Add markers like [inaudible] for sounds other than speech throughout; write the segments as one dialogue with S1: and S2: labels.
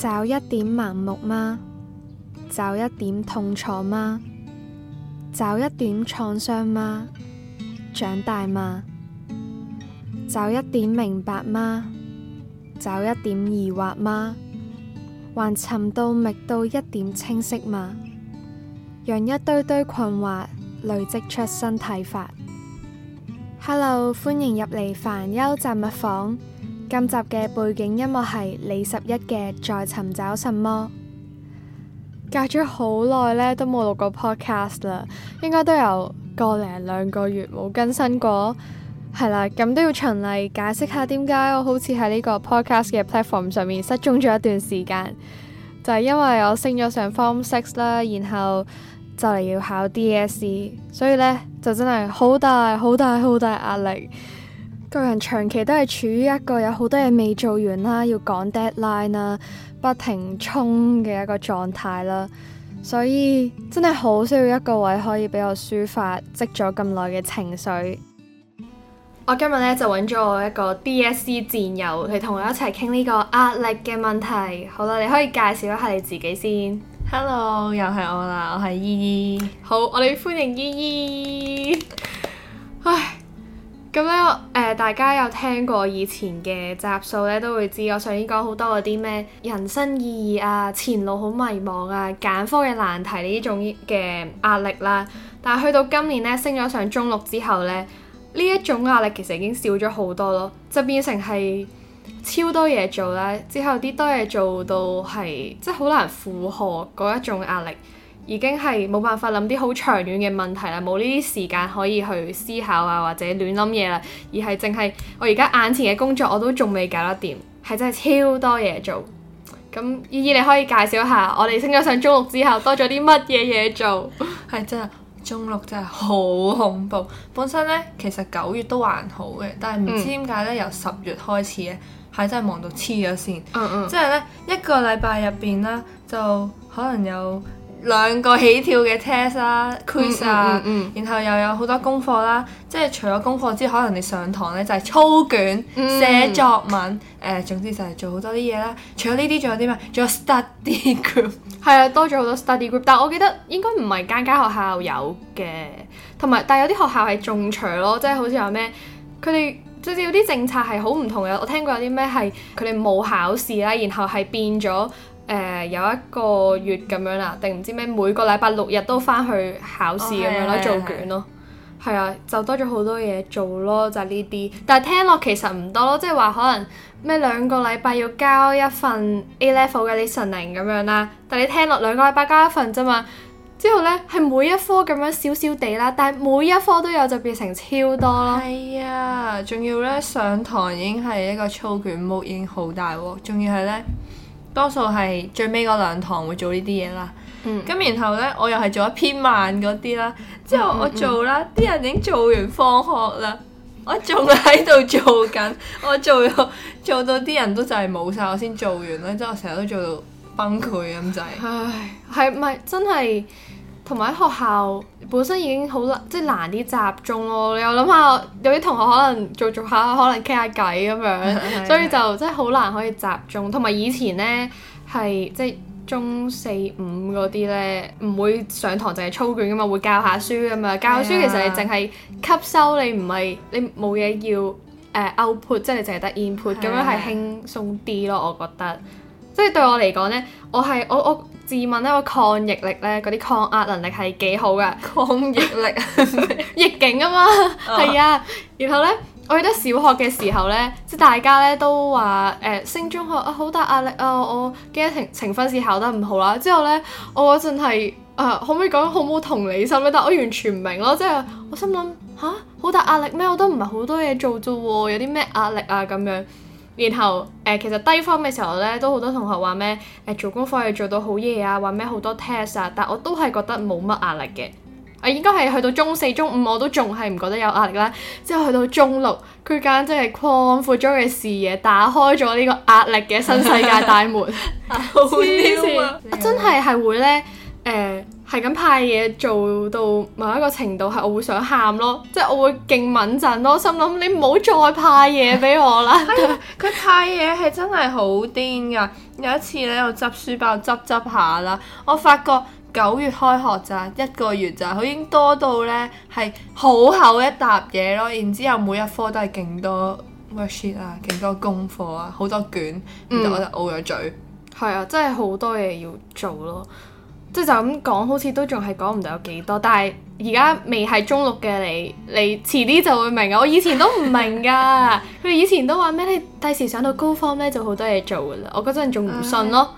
S1: 找一點盲目嗎？找一點痛楚嗎？找一點創傷嗎？長大嗎？找一點明白嗎？找一點疑惑嗎？還尋到覓到一點清晰嗎？讓一堆堆困惑累積出新睇法。Hello，歡迎入嚟煩憂雜物房。今集嘅背景音樂係李十一嘅《再尋找什麼》。隔咗好耐咧，都冇錄過 podcast 啦，應該都有個零兩個月冇更新過，係啦，咁都要循例解釋下點解我好似喺呢個 podcast 嘅 platform 上面失蹤咗一段時間，就係、是、因為我升咗上 form six 啦，然後就嚟要考 DSE，所以咧就真係好大、好大、好大壓力。個人長期都係處於一個有好多嘢未做完啦，要趕 deadline 啦，不停衝嘅一個狀態啦，所以真係好需要一個位可以俾我抒發積咗咁耐嘅情緒。我今日呢，就搵咗我一個 DSE 戰友，佢同我一齊傾呢個壓力嘅問題。好啦，你可以介紹一下你自己先。Hello，又係我啦，我係依依。好，我哋歡迎依依。 [laughs] 唉。咁咧，誒、嗯、大家有聽過以前嘅集數咧，都會知我上年講好多嗰啲咩人生意義啊、前路好迷茫啊、揀科嘅難題呢種嘅壓力啦。但係去到今年咧，升咗上中六之後咧，呢一種壓力其實已經少咗好多咯，就變成係超多嘢做啦。之後啲多嘢做到係即係好難負荷嗰一種壓力。已經係冇辦法諗啲好長遠嘅問題啦，冇呢啲時間可以去思考啊，或者亂諗嘢啦，而係淨係我而家眼前嘅工作我都仲未搞得掂，係真係超多嘢做。咁姨姨，依依你可以介紹一下，我哋升咗上中六之後多咗啲乜嘢嘢做？係真係中六真係好恐怖。本身呢，其實
S2: 九月都還好嘅，但係唔知點解呢，嗯、由十月開始呢係真係忙到黐咗線。嗯嗯，即係呢，一個禮拜入邊呢，就可能有。兩個起跳嘅 test 啦、嗯、quiz 啊，然後又有好多功課啦。即係、嗯嗯嗯、除咗功課之後，可能你上堂咧就係操卷、寫、嗯、作文，誒、呃，總之就係做好多啲
S1: 嘢啦。除咗呢啲，仲有啲咩？仲有 study group，係啊，多咗好多 study group。但係我記得應該唔係間間學校有嘅，同埋但係有啲學校係中除咯，即係好似話咩？佢哋甚至有啲政策係好唔同嘅。我聽過有啲咩係佢哋冇考試啦，然後係變咗。誒、呃、有一個月咁樣啦，定唔知咩每個禮拜六日都翻去考試咁樣啦，哦、做卷咯，係啊，就多咗好多嘢做咯，就呢、係、啲。但係聽落其實唔多咯，即係話可能咩兩個禮拜要交一份 A level 嘅 listening 咁樣啦，但係你聽落兩個禮拜交一份啫嘛。之後呢，係每一科咁樣少少地啦，但係每一科都有就變成超多咯。係啊、哎，仲要呢，上堂已經係一個粗卷，已經好大鑊，仲
S2: 要係呢。多數係最尾嗰兩堂會做呢啲嘢啦，咁、嗯、然後呢，我又係做一偏慢嗰啲啦，嗯、之後我做啦，啲、嗯、人已經做完放學啦，我仲喺度做緊， [laughs] 我做做到啲人都就係冇晒。我
S1: 先做完啦，之後我成日都做到
S2: 崩潰咁滯。唉，係
S1: 咪真係？同埋喺學校本身已經好難，即係難啲集中咯。你有諗下，有啲同學可能做做下，可能傾下偈咁樣， [laughs] 所以就真係好難可以集中。同埋以前呢，係即係中四五嗰啲呢，唔會上堂淨係操卷噶嘛，會教下書噶嘛。教書其實你淨係吸收，你唔係你冇嘢要誒 output，即係你淨係得 input 咁 [laughs] 樣係輕鬆啲咯。我覺得，即係對我嚟講呢，我係我我。我我自問呢個抗逆力呢，嗰啲抗壓能力係幾好嘅，抗逆力逆境啊嘛，係啊、uh。然後呢，我記得小學嘅時候呢，即係大家呢都話誒、呃、升中學啊好大壓力啊，我驚呈呈分試考得唔好啦、啊。之後呢，我真係啊，可唔可以講好冇同理心咧？但係我完全唔明咯、啊，即係我心諗吓，好、啊、大壓力咩？我都唔係好多嘢做啫喎，有啲咩壓力啊咁樣。然後誒、呃、其實低方嘅時候咧，都好多同學話咩誒做功課要做到好夜啊，話咩好多 test 啊，但我都係覺得冇乜壓力嘅。我、呃、應該係去到中四、中五我都仲係唔覺得有壓力啦。之後去到中六，佢簡直係擴闊咗嘅視野，打開咗呢個壓力嘅新世界大門。啊、 [laughs] 我真係係會呢。誒，係咁、呃、派嘢做到某一個程度，係我會想喊咯，即係我會勁敏陣咯，心諗你唔好再派嘢俾我啦。佢、 [laughs] [laughs] 哎、派嘢係真係好
S2: 癲噶，有一次咧，我執書包執執下啦，我發覺九月開學咋，一個月咋，佢已經多到咧係好厚一沓嘢咯。然之後每一科都係勁多 worksheet 啊，勁多功課啊，好多卷，然後我就
S1: 嘔咗嘴。係、嗯、啊，真係好多嘢要做咯。即係就咁講，好似都仲係講唔到有幾多。但係而家未係中六嘅你，你遲啲就會明啊！我以前都唔明噶，佢 [laughs] 以前都話咩？你第時上到高方咧，就好多嘢做噶啦。我嗰陣仲唔信咯。啊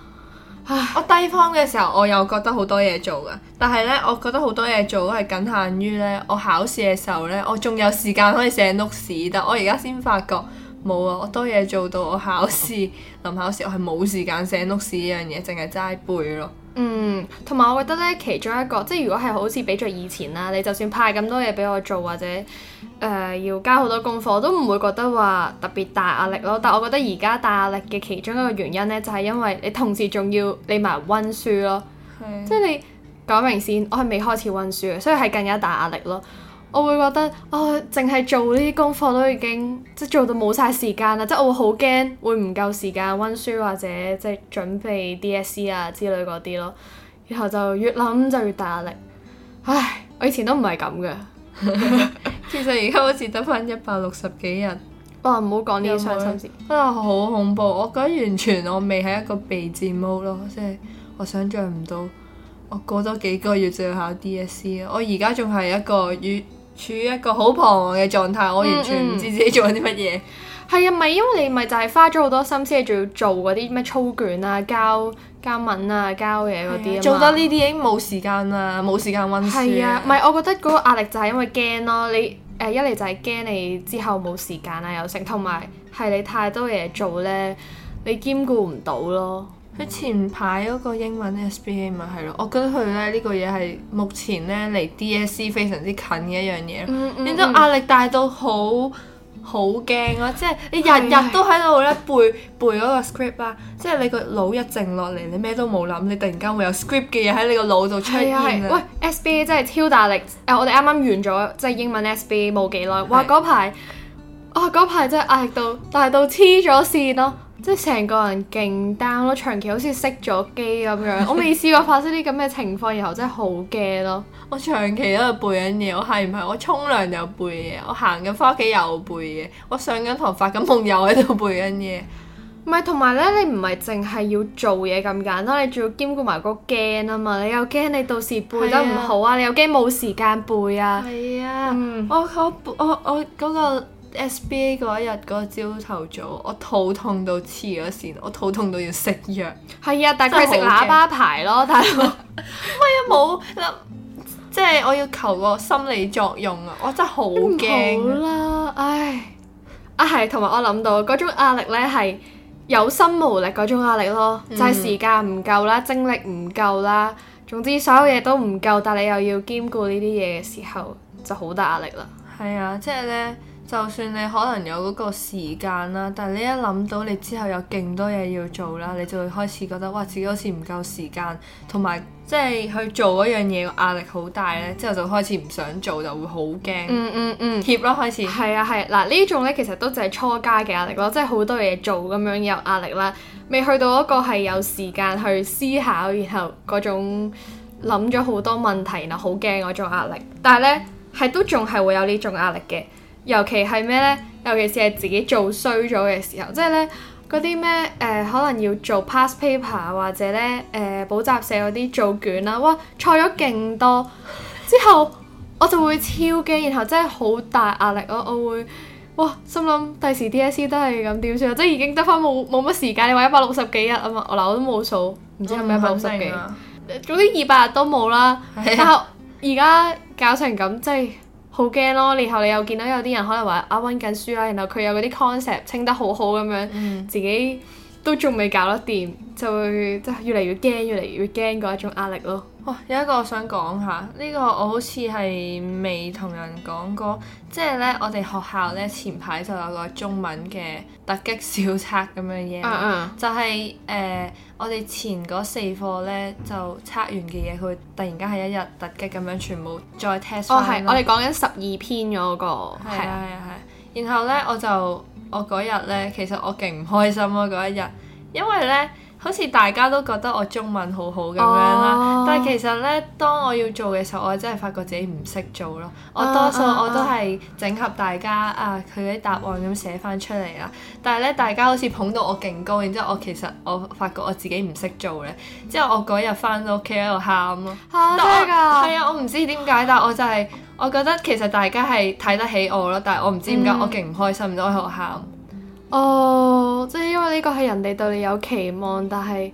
S1: 唉！我低方嘅時候，我又覺得好多嘢做噶，
S2: 但係咧，我覺得好多嘢做都係僅限於咧我考試嘅時候咧，我仲有時間可以寫 notes，但我而家先發覺。冇啊！我多嘢做到，我考試臨考試
S1: 我係冇時間寫碌屎呢樣嘢，淨係齋背咯。嗯，同埋我覺得呢，其中一個即係如果係好似比著以前啦，你就算派咁多嘢俾我做或者誒、呃、要交好多功課，我都唔會覺得話特別大壓力咯。但係我覺得而家大壓力嘅其中一個原因呢，就係、是、因為你同時仲要你埋温書咯，是即係你講明先，我係未開始温書嘅，所以係更加大壓力咯。我會覺得啊，淨、哦、係做呢啲功課都已經即係做到冇晒時間啦！即係我會好驚會唔夠時間温書或者即係準備 DSE 啊之類嗰啲咯，然後就越諗就越大壓力。唉，我以前都唔係咁嘅， [laughs] [laughs] 其實而家好似得翻
S2: 一百六十幾日。哇、哦，唔好講呢啲傷心事。啊，好恐怖！我覺得完全我未喺一個備戰 mode 咯，即、就、係、是、我想象唔到我過多幾個月就要考 DSE 啦。我而家仲係一個月。處於一個好彷徨嘅狀態，我完全唔知自己做緊啲乜嘢。
S1: 係、嗯、 [laughs] 啊，咪因為你咪就係花咗好多心思，你仲要做嗰啲咩操卷啊、交交文啊、交嘢嗰啲啊，啊做得呢啲已經冇時間啦，冇時間温書。係啊，唔係我覺得嗰個壓力就係因為驚咯，你誒、呃、一嚟就係驚你之後冇時間啊，又剩同埋係你太多嘢做咧，你兼顧唔到咯。佢前排嗰個英文 SBA 咪、就、係、是、咯，我覺得佢咧呢個嘢
S2: 係目前咧嚟 DSE 非常之近嘅一樣嘢，呢種、嗯嗯、壓力大到好好驚咯，嗯、即係你日日都喺度咧背是背嗰個 script 啊
S1: 是。即係你個腦一靜落嚟，你咩都冇諗，你突然間會有 script 嘅嘢喺你個腦度出現。喂，SBA 真係超大力誒、呃！我哋啱啱完咗即係英文 SBA 冇幾耐，哇嗰排啊嗰排真係壓力到大到黐咗線咯～即係成個人勁 down 咯，長期好似熄咗機咁樣， [laughs] 我未試過發生啲咁嘅情況，然後真係好驚咯。 [laughs] 我長期都係背緊嘢，我係唔係我沖涼又背嘢，我行緊翻屋企又背嘢，我上緊
S2: 堂發緊夢又喺度背
S1: 緊嘢。唔係，同埋咧，你唔係淨係要做嘢咁簡單，你仲要兼顧埋個驚啊嘛。你又驚你到時背得唔好啊，啊你又驚冇時間背啊。係啊，嗯、我我我，我，我、嗰
S2: 個。SBA 嗰日嗰朝頭早，我肚痛到黐咗線，我肚痛到要食藥。
S1: 係啊，但係佢食喇叭牌咯，大佬。唔係 [laughs] 啊，冇 [laughs] 即係我要求個心理作用啊，我真係好驚。好啦，唉，係、啊，同埋我諗到嗰種壓力呢，係有心無力嗰種壓力咯，嗯、就係時間唔夠啦，精力唔夠啦，總之所有嘢都唔夠，但係你又要兼顧呢啲嘢嘅時候，就好大壓力啦。係啊，即係呢。
S2: 就算你可能有嗰個時間啦，但係你一諗到你之後有勁多嘢要做啦，你就會開始覺得，嘩，自己好似唔夠時間，同埋即係去做嗰樣嘢個壓力好大呢，之後就開始唔想做，就會好驚、嗯，嗯嗯嗯，
S1: 怯咯開始。係啊係，嗱呢、啊、種呢其實都就係初家嘅壓力咯，即係好多嘢做咁樣有壓力啦，未去到一個係有時間去思考，然後嗰種諗咗好多問題，然後好驚嗰種壓力。但係呢，係都仲係會有呢種壓力嘅。尤其係咩呢？尤其是係自己做衰咗嘅時候，即係呢嗰啲咩誒，可能要做 past paper 或者呢誒補習社嗰啲做卷啦，哇錯咗勁多，之後我就會超驚，然後真係好大壓力咯。我會哇心諗第時 DSE 都係咁點算啊？即係已經得翻冇冇乜時間，你話一百六十幾日啊嘛？嗱我都冇數，唔知係咪一百六十幾，早啲二百日都冇啦。呀但係而家搞成咁，即係。好驚咯！然後你又見到有啲人可能話啊，温緊書啦、啊，然後佢有嗰啲 concept 清得好好咁樣，自己都仲未搞得掂，就會即係越嚟越驚，越嚟越驚嗰一種壓力咯。哦、有一個我想
S2: 講下，呢、呢個我好似係未同人講過，即係呢，我哋學校呢，前排就有個中文嘅突擊小測咁樣嘢，嗯嗯就係、是、誒、呃、我哋前嗰四課呢，就測完嘅嘢，佢突然間係一日突擊咁樣全部再 test 哦，係，了我哋講緊十
S1: 二篇嗰、嗰個，啊係啊係。啊
S2: 然後呢，我就我嗰日呢，其實我勁唔開心啊嗰一日，因為呢。好似大家都覺得我中文好好咁樣啦，oh. 但係其實咧，當我要做嘅時候，我真係發覺自己唔識做咯。我多數我都係整合大家 oh, oh, oh. 啊佢啲答案咁寫翻出嚟啦。但係咧，大家好似捧到我勁高，然之後我其實我發覺我自己唔識做咧，之後我嗰日翻到屋企喺度喊咯。嚇！真係㗎？係啊，我唔知點解，但係我就係、係、我覺得其實大家係睇得起我咯，但係我唔知點解我勁唔開心，mm. 都我喺度喊。
S1: 哦，oh, 即係因為呢個係人哋對你有期望，但係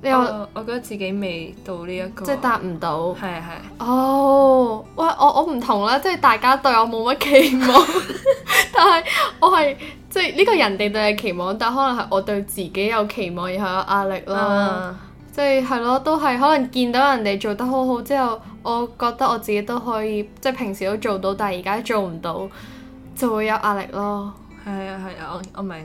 S1: 你我、uh,
S2: 我覺得自己未到呢、這、一個，即係達唔到，係啊係。
S1: 哦，oh, 喂，我我唔同啦，即係大家對我冇乜期望， [laughs] [laughs] 但係我係即係呢個人哋對你期望，但可能係我對自己有期望，然後有壓力啦。Uh. 即係係咯，都係可能見到人哋做得好好之後，我覺得我自己都可以，即係平時都做到，但係而家做唔到，就會有壓力咯。係啊係啊，我我明，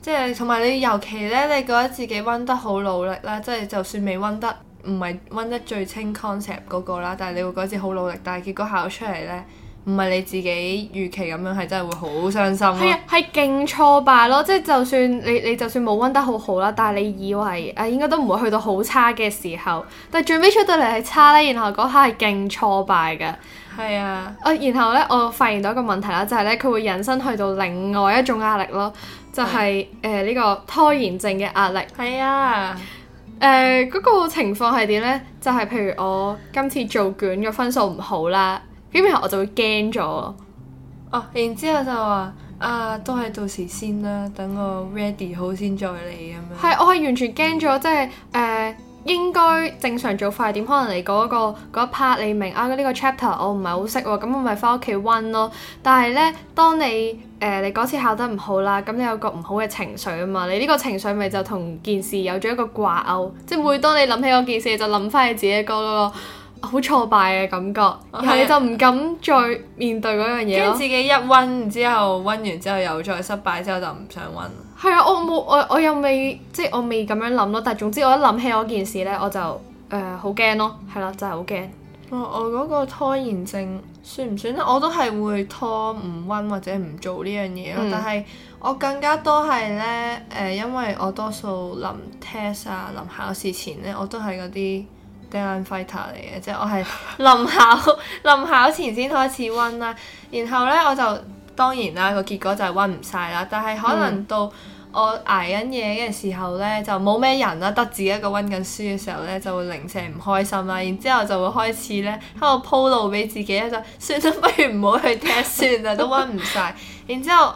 S1: 即係同埋你尤其咧，你覺得
S2: 自己温得好努力啦，即係就算未温得唔係温得最清 concept 嗰個啦，但係你會覺得自己好努力，但係結果考出嚟咧，唔係你自己預期咁樣，係真係會好傷心。係啊，
S1: 係勁挫敗咯，即係就算你你就算冇温得好好啦，但係你以為啊、哎、應該都唔會去到好差嘅時候，但係最尾出到嚟係差咧，然後嗰下係勁挫敗嘅。係啊，啊、嗯、然後咧，我發現到一個問題啦，就係、是、咧，佢會引申去到另外一種壓力咯，就係誒呢個拖延症嘅壓力。係啊、哎呀，誒嗰、呃這個情況係點呢？就係、是、譬如我今次做卷嘅分數唔好啦，咁然後我就會驚咗，哦，然之後
S2: 就話啊，都係到時先啦，等我 ready 好先再嚟咁樣。
S1: 係、嗯，我係完全驚咗，即係誒。呃應該正常做法係點？可能你嗰、那個嗰 part、那個、你明啊，呢、這個 chapter 我唔係好識喎，咁我咪翻屋企温咯。但係呢，當你誒、呃、你嗰次考得唔好啦，咁你有個唔好嘅情緒啊嘛，你呢個情緒咪就同件事有咗一個掛鈎，即係每當你諗起嗰件事，就諗翻你自己嗰、那個。好挫敗嘅感覺，然後你就唔敢再面對嗰樣嘢咯，驚、哦啊、自己一
S2: 温，然之後温完之後又再失敗，之後就唔想温。
S1: 係啊，我冇我我又未即係我未咁樣諗咯，但係總之我一諗起嗰件事呢，我就誒好驚咯，係、呃、啦、啊，就係好驚。
S2: 我我嗰個拖延症算唔算咧？我都係會拖唔温或者唔做呢樣嘢咯，嗯、但係我更加多係呢，誒、呃，因為我多數臨 test 啊，臨考試前呢，我都係嗰啲。Stan fighter 嚟嘅，即係我係臨考臨 [laughs] 考前先開始温啦、啊，然後呢，我就當然啦、那個結果就係温唔晒啦。但係可能到我捱緊嘢嘅時候呢，就冇咩人啦、啊，得自己一個温緊書嘅時候呢，就會零舍唔開心啦、啊。然之後就會開始呢，喺度鋪路俾自己，就算啦，不如唔好去聽算啦， [laughs] 都温唔晒。然之後。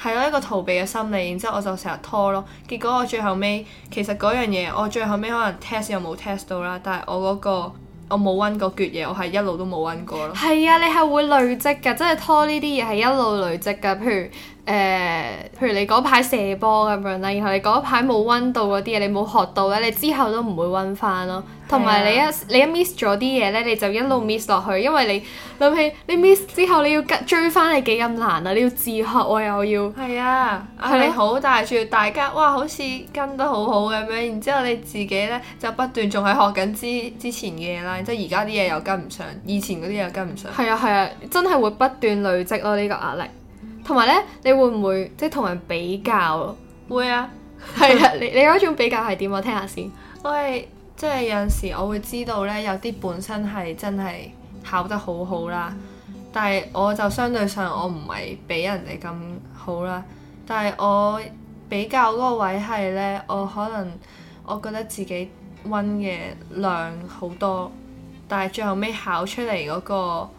S2: 係咯，一個逃避嘅心理，然之後我就成日拖咯，結果我最後尾其實嗰樣嘢，我最後尾可能 test 又冇 test 到啦，但係我嗰、嗰個我冇温過嘅嘢，我係一路都冇温過咯。
S1: 係啊，你係會累積㗎，即係拖呢啲嘢係一路累積㗎。譬如誒、呃，譬如你嗰排射波咁樣啦，然後你嗰排冇温到嗰啲嘢，你冇學到咧，你之後都唔會温翻咯。同埋你一你一 miss 咗啲嘢呢，你就一路 miss 落去，因為你諗起你 miss 之後，你要追翻你幾咁難啊！你要自學喎，又要係啊，壓力、啊啊啊、好大。住大家哇，好似跟得好好
S2: 咁樣，然之後你自己呢，就不斷仲係學緊之之前嘅嘢啦，即係而家啲嘢又跟唔上，以前嗰啲嘢又跟唔上。係啊係
S1: 啊，真係會不斷累積咯、啊、呢、這個壓力。同埋呢，你會唔會即係同人比較？
S2: 會啊，係啊，
S1: 你你嗰種比較係點我聽，聽下先，
S2: 我 [laughs] [laughs] 即係有陣時，我會知道呢，有啲本身係真係考得好好啦，但係我就相對上我唔係比人哋咁好啦，但係我比較嗰個位係呢，我可能我覺得自己温嘅量好多，但係最後尾考出嚟嗰個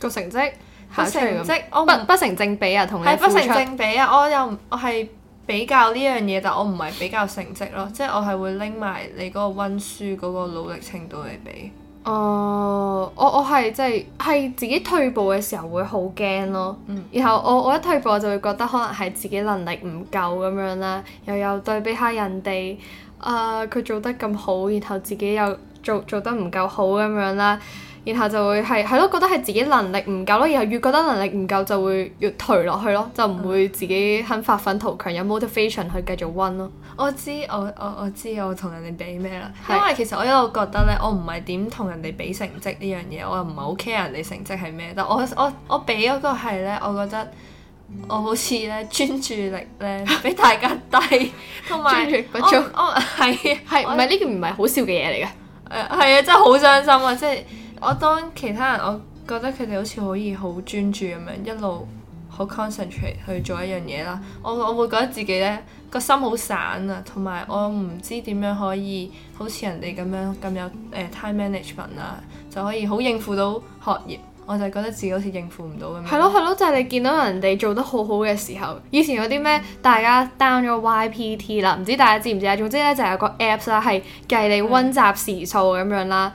S2: 個成績，個成績不我不，不成正
S1: 比啊，同你係不成正
S2: 比啊，我又我係。比較呢樣嘢，但我唔係比較成績咯，即係我係會拎埋你嗰個溫書嗰個努力程度嚟比。
S1: 哦、呃，我我係即係係自己退步嘅時候會好驚咯。嗯、然後我我一退步我就會覺得可能係自己能力唔夠咁樣啦，又有對比下人哋，啊、呃、佢做得咁好，然後自己又做做得唔夠好咁樣啦。然後就會係係咯，覺得係自己能力唔夠咯，然後越覺得能力唔夠就會越退落去咯，就唔會自己肯發奮圖強，有 motivation 去繼續溫咯。我知，我
S2: 我我知，我同人哋比咩啦？因為其實我一路覺得咧，我唔係點同人哋比成績呢樣嘢，我又唔係好 care 人哋成績係咩。但我我我比嗰個係咧，我覺得我好似咧專注力咧比大家低，同埋專注我我係係唔係呢個唔係好笑嘅嘢嚟嘅？誒係啊，真係好傷心啊，即係～我當其他人，我覺得佢哋好似可以好專注咁樣一路好 concentrate 去做一樣嘢啦。我我會覺得自己呢個心好散啊，同埋我唔知點樣可以好似人哋咁樣咁有誒、呃、time management 啊，就可以好應付到學業。我就係覺得自己好似應付唔到咁樣。
S1: 係咯係咯，就係你見到人哋做得好好嘅時候，以前有啲咩大家 down 咗 YPT 啦，唔知大家知唔知啊？總之呢，就係有個 apps 啦，係計你温習時數咁樣啦。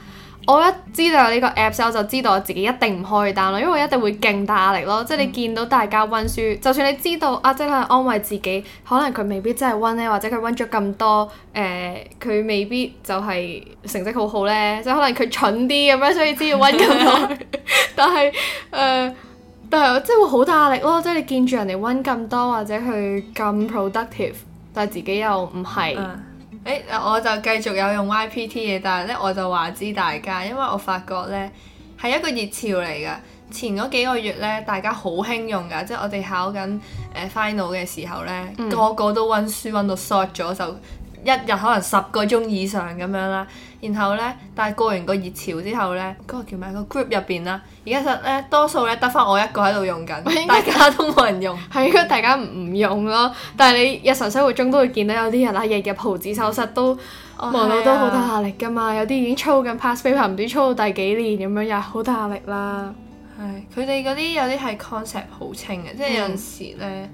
S1: 我一知道有呢個 app 之後，就知道我自己一定唔開單咯，因為我一定會勁大壓力咯。即係你見到大家温書，嗯、就算你知道啊，即係安慰自己，可能佢未必真係温呢，或者佢温咗咁多，誒、呃、佢未必就係成績好好呢，即係可能佢蠢啲咁樣，所以要温咁耐。但係誒，但係即係會好大壓力咯。即係你見住人哋温咁多，或者佢咁 productive，但係自己又唔係。嗯
S2: 誒、欸，我就繼續有用 YPT 嘅，但係咧我就話知大家，因為我發覺呢係一個熱潮嚟㗎，前嗰幾個月呢，大家好興用㗎，即係我哋考緊誒、呃、final 嘅時候呢，嗯、個個都温書温到 short 咗就。一日可能十個鐘以上咁樣啦，然後呢，但係過完個熱潮之後呢，嗰個叫
S1: 咩？個 group 入邊啦，而家實呢，多數呢得翻我一個喺度用緊， [laughs] 大家都冇人用，係因為大家唔用咯。但係你日常生活中都會見到有啲人日日、哦、啊，日日鋪紙手失都望到都好大壓力㗎嘛。有啲已經操緊 pass paper，唔知操到第幾年咁樣，又好大壓力啦。係， [laughs] 佢哋嗰啲有啲係 concept 好清嘅，嗯、即係有陣
S2: 時呢，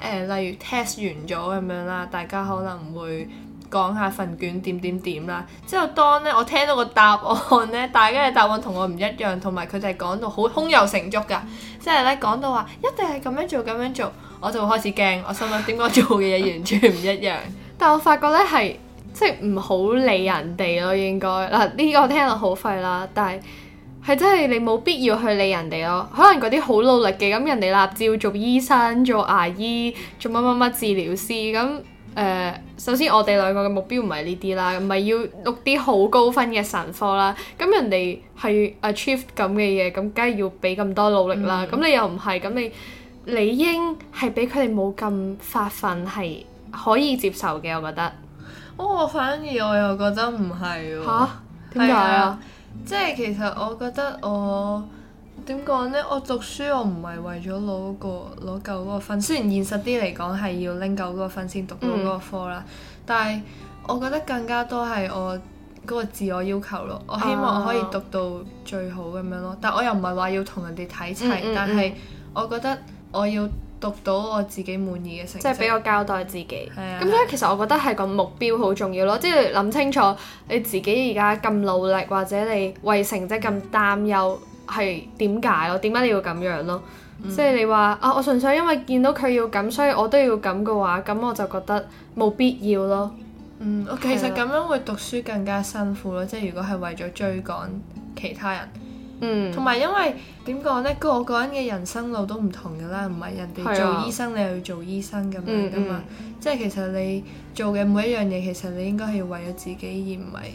S2: 誒、呃，例如 test 完咗咁樣啦，大家可能會～講下份卷點點點啦，之後當咧我聽到個答案咧，大家嘅答案同我唔一樣，同埋佢哋講到好胸有成竹噶，即係咧講到話一定係咁樣做咁樣做，我就開始驚，我心諗點解做嘅嘢完全唔一樣？
S1: [laughs] 但我發覺咧係即係唔好理人哋咯，應該。嗱，呢個聽落好廢啦，但係係真係你冇必要去理人哋咯。可能嗰啲好努力嘅咁人哋立志要做醫生、做牙醫、做乜乜乜治療師咁。誒、呃，首先我哋兩個嘅目標唔係呢啲啦，唔係、嗯、要錄啲好高分嘅神科啦。咁、嗯、人哋係 achieve 咁嘅嘢，咁梗係要俾咁多努力啦。咁、嗯、你又唔係，咁你理應係俾佢哋冇咁發奮係可以接受嘅，我覺得。
S2: 我、哦、反而我又覺得唔係喎。
S1: 嚇、啊？點解啊？
S2: 即係其實我覺得我。點講呢？我讀書我唔係為咗攞個攞夠嗰個分，雖然現實啲嚟講係要拎夠嗰個分先讀到嗰個科啦，嗯、但係我覺得更加多係我嗰、嗰個自我要求咯。我希望我可以讀到最好咁樣咯，哦、但我又唔係話要同人哋睇齊，嗯嗯嗯，但係我覺得我要讀到我自己滿意嘅成績，即係俾我
S1: 交代自己。咁對所以其實我覺得係個目標好重要咯，即係諗清楚你自己而家咁努力或者你為成績咁擔憂。係點解咯？點解你要咁樣咯？即係、嗯、你話啊，我純粹因為見到佢要咁，所以我都要咁嘅話，咁我就覺得冇必要咯。嗯，
S2: 我其實咁樣會讀書更加辛苦咯。即係的如果係為咗追趕其他人，嗯，同埋因為點講呢？個個人嘅人生路都唔同噶啦，唔係人哋做醫生的你又要做醫生咁樣噶嘛。即係、嗯嗯就是、其實你做嘅每一樣嘢，其實你應該係為咗自己而唔係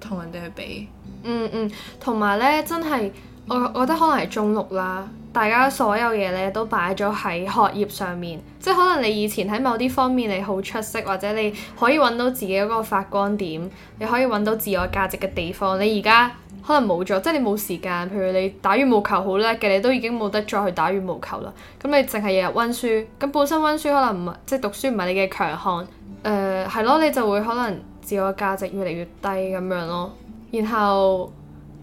S2: 同人哋去比。嗯
S1: 嗯，同埋、嗯嗯嗯、呢，真係。我覺得可能係中六啦，大家所有嘢咧都擺咗喺學業上面，即係可能你以前喺某啲方面你好出色，或者你可以揾到自己嗰個發光點，你可以揾到自我價值嘅地方，你而家可能冇咗，即係你冇時間，譬如你打羽毛球好叻嘅，你都已經冇得再去打羽毛球啦，咁你淨係日日温書，咁本身温書可能唔係，即係讀書唔係你嘅強項，誒係咯，你就會可能自我價值越嚟越低咁樣咯，然後。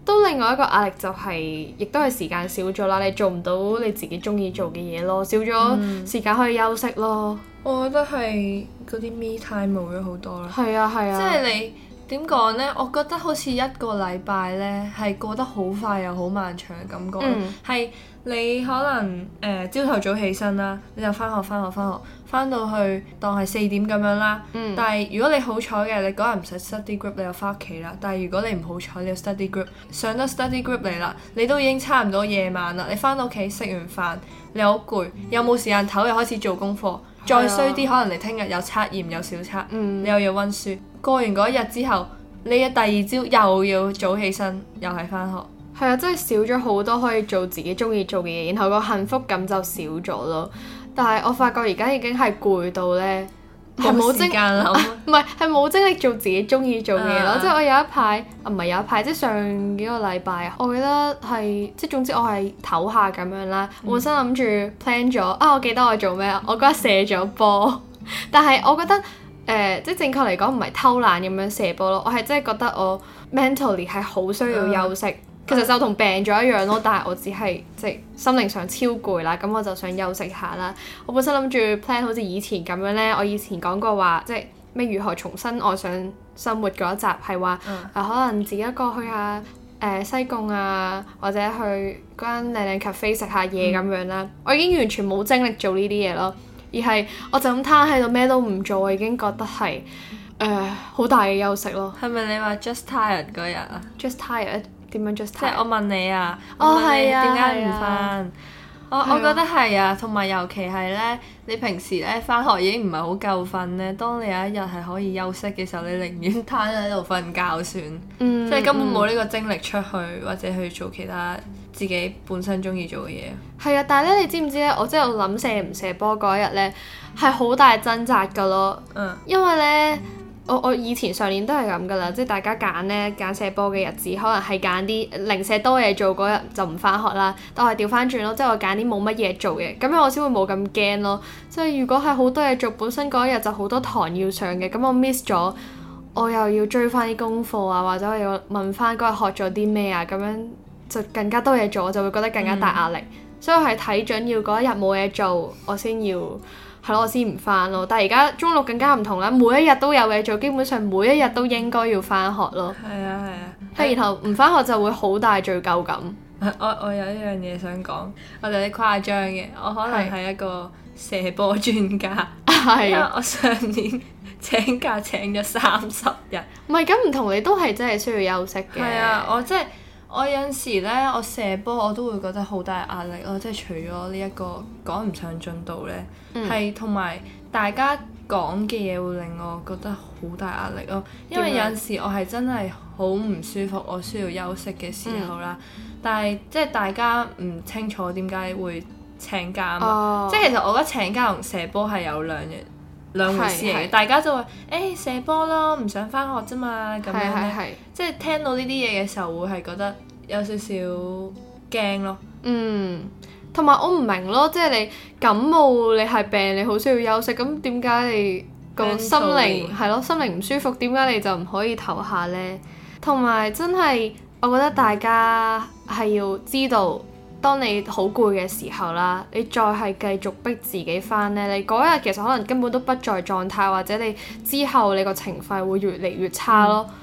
S1: 都另外一個壓力就係、是，亦都係時間少咗啦，你做唔到你自己中意做嘅嘢咯，少咗時間可以休息咯、嗯。
S2: 我覺得係嗰啲 me time 冇咗好多啦。係啊係啊，啊即係你點講呢？我覺得好似一個禮拜呢，係過得好快又好漫長嘅感覺，係、嗯。你可能誒朝頭早起身啦，你就翻學翻學翻學，翻到去當係四點咁樣啦。嗯、但係如果你好彩嘅，你嗰日唔使 study group，你又翻屋企啦。但係如果你唔好彩，你要 study group，上得 study group 嚟啦，你都已經差唔多夜晚啦。你翻到屋企食完飯，你好攰，又冇時間唞，又開始做功課。啊、再衰啲，可能你聽日有測驗有小測，嗯、你又要温書。過完嗰一日之後，你嘅第二朝又要早起身，又係翻學。
S1: 係啊，真係少咗好多可以做自己中意做嘅嘢，然後個幸福感就少咗咯。但係我發覺而家已經係攰到咧，係冇時間諗，唔係係冇精力做自己中意做嘢咯。Uh. 即係我有一排啊，唔係有一排，即係上幾個禮拜啊，我記得係即係總之我係唞下咁樣啦。Mm hmm. 本身諗住 plan 咗啊，我記得我做咩啊？我嗰日射咗波， [laughs] 但係我覺得誒、呃，即係正確嚟講唔係偷懶咁樣射波咯，我係真係覺得我 mentally 係好需要休息。Uh. 其實就同病咗一樣咯，但係我只係即係心靈上超攰啦，咁我就想休息下啦。我本身諗住 plan 好似以前咁樣呢，我以前講過話，即係咩如何重新愛上生活嗰一集係話啊，可能自己一個去一下誒、呃、西貢啊，或者去間靚靚 cafe 食下嘢咁樣啦。Mm. 我已經完全冇精力做呢啲嘢咯，而係我就咁攤喺度咩都唔做，我已經覺得係誒好大嘅休息咯。係咪你話 just tired 嗰日啊？just tired。即係我問你啊，我問
S2: 你點解唔瞓？
S1: 我我覺得係
S2: 啊，同埋尤其係咧，你平時咧翻學已經唔係好夠瞓咧。當你有一日係可以休息嘅時候，你寧願攤喺度瞓覺算，
S1: 即係、嗯、根本冇呢個
S2: 精力出去、嗯嗯、或者去做其他自己本身中意做嘅嘢。
S1: 係啊，但係咧，你知唔知咧？我真係我諗射唔射波嗰一日咧，係好大嘅掙扎㗎咯。嗯，因為咧。嗯我我以前上年都係咁噶啦，即係大家揀呢，揀射波嘅日子，可能係揀啲零舍多嘢做嗰日就唔翻學啦。但係調翻轉咯，即係我揀啲冇乜嘢做嘅，咁樣我先會冇咁驚咯。即係如果係好多嘢做，本身嗰一日就好多堂要上嘅，咁我 miss 咗，我又要追翻啲功課啊，或者我要問翻嗰日學咗啲咩啊，咁樣就更加多嘢做，我就會覺得更加大壓力。嗯、所以我係睇準要嗰一日冇嘢做，我先要。係咯，我先唔翻咯。但而家中六更加唔同啦，每一日都有嘢做，基本上每一日都應該要翻學咯。係啊係啊，係、啊啊、然後唔翻學就會好大罪疚感。
S2: 我我有一樣嘢想講，我有啲誇張嘅，我可能係一個射波專家。係啊，啊我上年請假請咗三十日。唔係咁唔同，你都係真係需要休息嘅。係啊，我即係。我有陣時咧，我射波我都會覺得好大壓力咯，即係除咗呢一個趕唔上進度咧，係同埋大家講嘅嘢會令我覺得好大壓力咯。因為有陣時我係真係好唔舒服，我需要休息嘅時候啦。嗯、但係即係大家唔清楚點解會請假啊嘛。哦、即係其實我覺得請假同射波係有兩樣兩回事嚟嘅。是是大家就話誒、欸、射波咯，唔想返學啫嘛咁樣咧。是是是即係聽到呢啲嘢嘅時候，會係覺得，有少少
S1: 驚咯，嗯，同埋我唔明咯，即係你感冒你係病，你好需要休息，咁點解你個心靈係、嗯、咯心靈唔舒服，點解你就唔可以唞下呢？同埋真係我覺得大家係要知道，當你好攰嘅時候啦，你再係繼續逼自己翻呢。你嗰日其實可能根本都不在狀態，或者你之後你個情緒會越嚟越差咯。嗯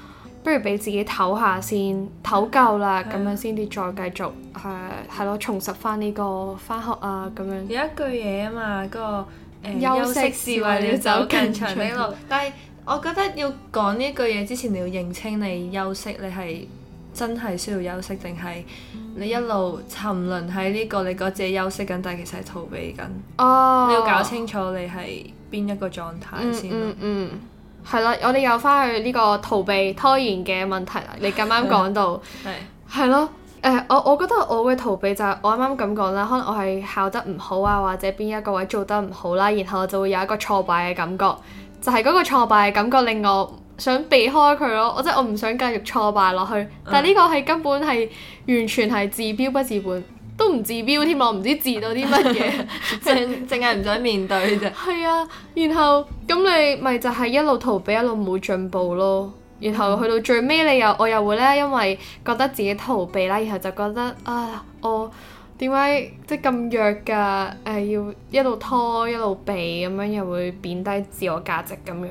S1: 不如俾自己唞下先，唞夠啦，咁樣先至再繼續誒，係咯，重拾返呢個返學啊咁樣。有一句嘢啊嘛，嗰個、呃、休息是為了走更長嘅路，
S2: 但係我覺得要講呢句嘢之前，你要認清你休息，你係真係需要休息，定係你一路沉淪喺呢個你覺得自己休息緊，但係其實係逃避緊。哦，你要搞清楚你係邊一個狀態先。嗯。嗯嗯
S1: 係啦，我哋又翻去呢個逃避拖延嘅問題啦。你咁啱講到，係係咯。誒、呃，我我覺得我嘅逃避就係我啱啱咁講啦，可能我係考得唔好啊，或者邊一個位做得唔好啦，啊，然後我就會有一個挫敗嘅感覺。就係、係、嗰個挫敗嘅感覺令我想避開佢咯。我即係我唔想繼續挫敗落去，但係呢個係根本係完全係治標不治本。都唔治標添，我唔知治到啲乜嘢，淨淨係唔想面對咋。係 [laughs] 啊，然後咁你咪就係一路逃避，一路冇進步咯。然後去到最尾，你又我又會咧，因為覺得自己逃避啦，然後就覺得啊，我點解即係咁弱㗎？誒、呃，要一路拖一路避咁樣，又會貶低自我價值咁樣。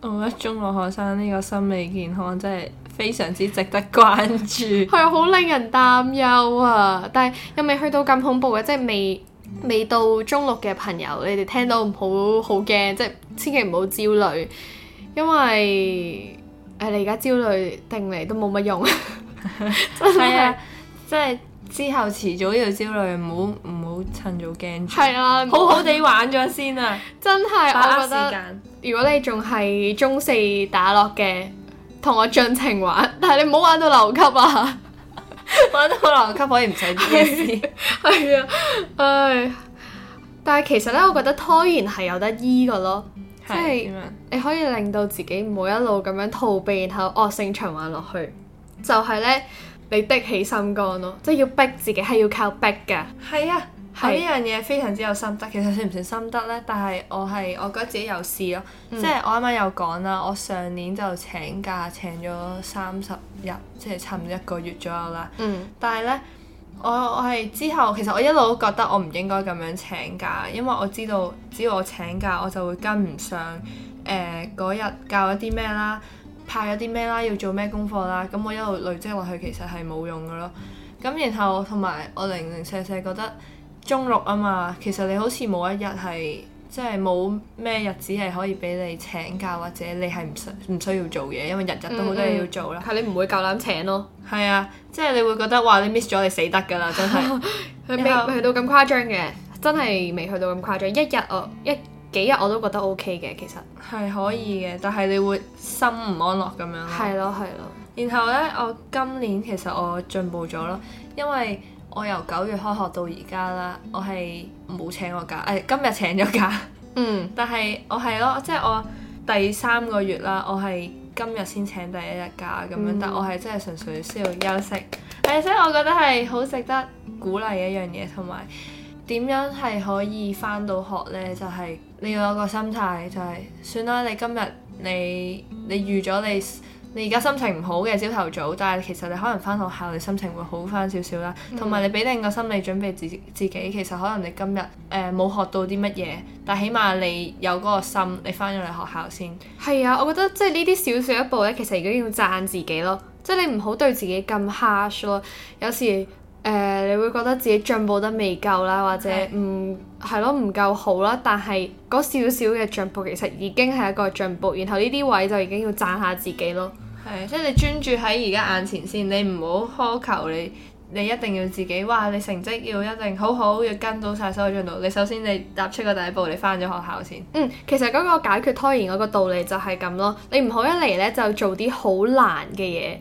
S2: 我覺得中學生呢個心理健康真係～非常之值得關注，
S1: 係好、 [laughs] 嗯、令人擔憂啊！但係又未去到咁恐怖嘅，即係未未到中六嘅朋友，你哋聽到唔好好驚，即係、就是、千祈唔好焦慮，因為誒你而家焦慮定嚟都冇乜用， [laughs] 真係的 [laughs] 啊！
S2: 即係的、 [laughs] 啊、之後遲早要焦慮，唔好唔好趁早驚住，係啊！好好地 [laughs] 玩咗先啊！真係的，我覺得
S1: 如果你仲係中四打落嘅。同我盡情玩，但係你唔好玩到留級啊！ [laughs] 玩到留級可以唔使醫，係啊，唉！但係其實呢，我覺得拖延係有得醫㗎咯，即係是你可以令到自己唔好一路咁樣逃避，然後惡性循環落去。就係、是、呢：你的起心肝咯，即、就、係、是、要逼自己係要靠逼噶。係啊。
S2: 我呢是樣嘢非常之有心得，其實算唔算心得呢？但係我係我覺得自己有事咯，嗯、即係我啱啱有講啦。我上年就請假請咗三十日，即係差唔多一個月左右啦。嗯、但係呢，我我係之後其實我一路都覺得我唔應該咁樣請假，因為我知道只要我請假我就會跟唔上誒嗰日教咗啲咩啦，派咗啲咩啦，要做咩功課啦。咁我一路累積落去其實係冇用噶咯。咁然後同埋我零零舍舍覺得。中六啊嘛，其實你好似冇一日係即係冇咩日子係可以俾你請假或者你係唔需唔需要做嘢，因為日日都好多嘢要做啦。係、嗯嗯、你唔會夠膽請咯。係啊，即係你會覺得哇，你
S1: miss 咗你死得噶啦，真係。未去到咁誇張嘅，真係未去到咁誇張。一日我一幾日我都覺得 OK 嘅，其實。
S2: 係可以嘅，但係你會心唔安樂咁樣。係咯係咯。然後呢，我今年其實我進步咗咯，因為。我由九月開學到而家啦，我係冇請過假，誒今日請咗假。嗯，但係我係咯，即係我第三個月啦，我係今日先請第一日假咁樣，但我係真係純粹需要休息。誒，嗯，即係我覺得係好值得鼓勵一樣嘢，同埋點樣係可以返到學呢？就係你要有一個心態，就係算啦，你今日你你預咗你。你而家心情唔好嘅朝頭早，但係其實你可能返學校，你心情會好返少少啦。同埋、嗯、你俾定個心理準備，自自己其實可能你今日誒冇學到啲乜嘢，但起碼你有嗰個心，你返咗嚟學校先。
S1: 係啊，我覺得即係呢啲小小一步咧，其實已經要讚自己咯。即、就、係、是、你唔好對自己咁 harsh 咯，有時。誒、呃，你會覺得自己進步得未夠啦，或者唔係咯，唔夠、嗯、好啦。但係嗰少少嘅進步，其實已經係一個進步。然後呢啲位就已經要讚下自己咯。係、嗯，即係你專注喺而家眼前先，你唔好苛求你，
S2: 你一定要自己哇，你成績要一定好好，要跟到晒所有進度。你首先你踏出個第一步，你返咗學校先。
S1: 嗯，其實嗰個解決拖延嗰個道理就係咁咯，你唔好一嚟呢就做啲好難嘅嘢。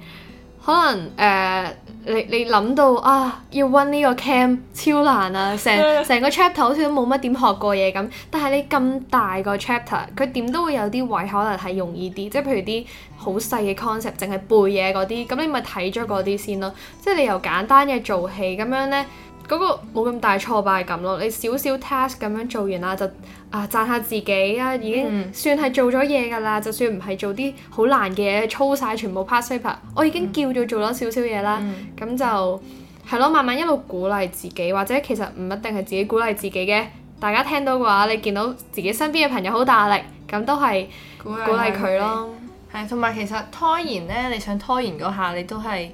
S1: 可能誒、呃，你你諗到啊，要温呢個 camp 超難啊，成成 [laughs] 個 chapter 好似都冇乜點學過嘢咁。但係你咁大個 chapter，佢點都會有啲位可能係容易啲，即係譬如啲好細嘅 concept，淨係背嘢嗰啲，咁你咪睇咗嗰啲先咯。即係你由簡單嘅做起，咁樣呢。嗰個冇咁大挫敗感咯，你少少 task 咁樣做完啦，就啊讚下自己啊，已經算係做咗嘢噶啦。嗯、就算唔係做啲好難嘅嘢，粗晒全部 past paper 我已經叫做做咗少少嘢啦。咁、嗯、就係咯，慢慢一路鼓勵自己，或者其實唔一定係自己鼓勵自己嘅。大家聽到嘅話，你見到自己身邊嘅朋友好大力，咁都係鼓勵佢咯。係，同埋
S2: 其實拖延呢，你想拖延嗰下，你都係。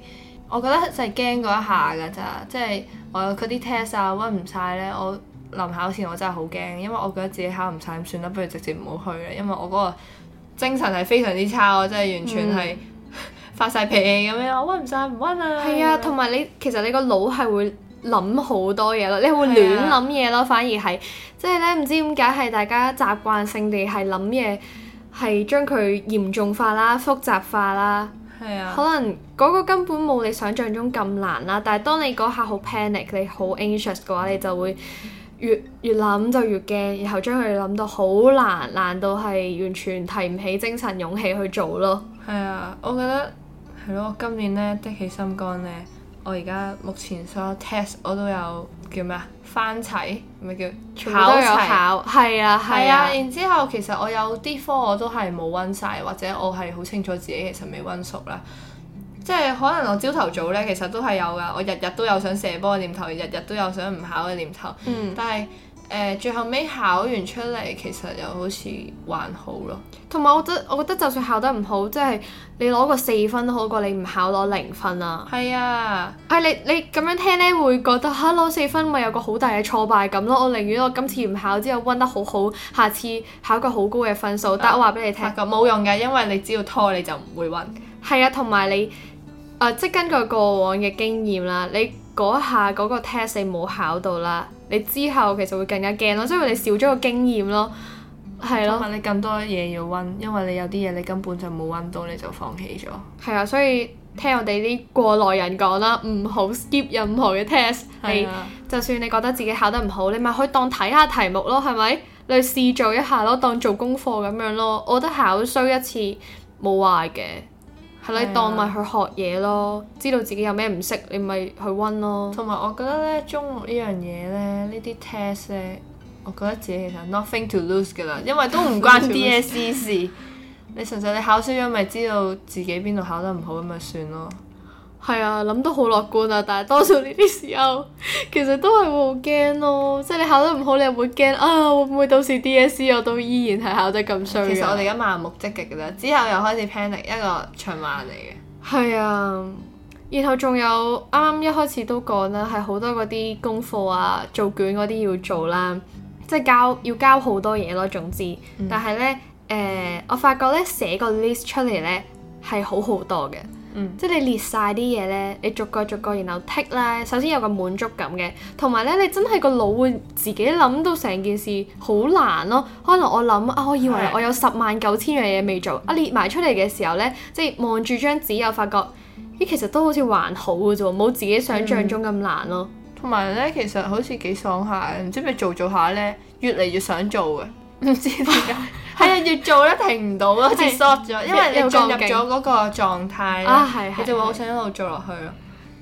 S2: 我覺得就係驚嗰一下㗎咋，即係我嗰啲 test 啊温唔晒咧，我臨、啊、考試我真係好驚，因為我覺得自己考唔晒，咁算啦，不如直接唔好去啦，因為我嗰個精神係非常之差，我真係完全係
S1: 發晒脾氣咁樣、嗯，我温唔晒，唔温啊！係啊，同埋你其實你個腦係會諗好多嘢咯，你會亂諗嘢咯，係啊、反而係即係咧唔知點解係大家習慣性地係諗嘢，係將佢嚴重化啦、複雜化啦。係啊、可能嗰個根本冇你想象中咁難啦，但係當你嗰下好 panic，你好 anxious 嘅話，你就會越越諗就越驚，然後將佢諗到好難，難到係完全提唔起精神勇氣去做咯。係啊，我覺得係咯，啊、今年呢，的起心肝呢，我而家目
S2: 前所有 test 我都有叫咩啊？翻齊咪叫考齊有考。
S1: 係啊係啊，啊。然
S2: 之後其實我有啲科我都係冇溫晒，或者我係好清楚自己其實未溫熟啦。即係可能我朝頭早咧，其實都係有噶。我日日都有想射波嘅念頭，日日都有想唔考嘅念頭。嗯，但係。誒最後尾考
S1: 完出嚟，其實又好似還好咯。同埋我覺得，我覺得就算考得唔好，即係你攞個四分都好過你唔考攞零分啊。係啊，係你你咁樣聽呢，會覺得吓攞四分咪有個好大嘅挫敗感咯。我寧願我今次唔考之後温得好好，下次考個好高嘅分數。啊、但我話俾你聽，冇用嘅，因為你只要拖你就唔會温。係啊，同埋你、呃、即根據過往嘅經驗啦，你。嗰下嗰個 test 你冇考到啦，你之後其實會更加驚咯，所以你少咗個經驗咯，係咯。問你
S2: 更多嘢要温，因為你有啲嘢你根本就冇温到，你就放棄咗。
S1: 係啊，所以聽我哋啲過來人講啦，唔好 skip 任何嘅 test。係啊。欸，就算你覺得自己考得唔好，你咪可以當睇下題目咯，係咪？你試做一下咯，當做功課咁樣咯。我覺得考衰一次冇壞嘅。係，你當咪去學嘢咯，知道自己有咩唔識，你咪去温咯。同埋我覺得咧，中學呢樣嘢咧，呢啲 test 咧，我覺得自己其
S2: 實 nothing to lose 噶啦，因為都唔關 DSE [laughs] 事。 [laughs] [laughs] 你純粹你考衰咗，咪知道自己邊度考得唔好，咁咪算咯。
S1: 係啊，諗都好樂觀啊，但係多數呢啲時候其實都係會好驚咯，即係你考得唔好，你又會驚啊？會唔會到時 DSE 我都依然係考得咁衰啊？其實我哋而家盲目積極嘅啫，之後又開始 panic，一個循環嚟嘅。係啊，然後仲有啱啱一開始都講啦，係好多嗰啲功課啊、做卷嗰啲要做啦，即係交要交好多嘢咯。總之，嗯、但係呢，誒、呃，我發覺呢，寫個 list 出嚟呢，係好好多嘅。嗯，即係你列晒啲嘢呢，你逐個逐個然後剔呢，首先有個滿足感嘅，同埋呢，你真係個腦會自己諗到成件事好難咯。可能我諗啊，我以為我有十萬九千樣嘢未做，啊是的 列埋出嚟嘅時候呢，即係望住張紙又發覺咦，其實都好似還好嘅啫，冇自己想象中咁難咯。同埋呢，其實好似幾爽下，唔知咪做做下呢，越嚟越想做嘅，唔知點解。係啊， [music] [music] 越做咧停唔到咯，好似 short 咗，因為你進入咗嗰
S2: 個狀態咧，你、啊、就會好想一路做落去咯。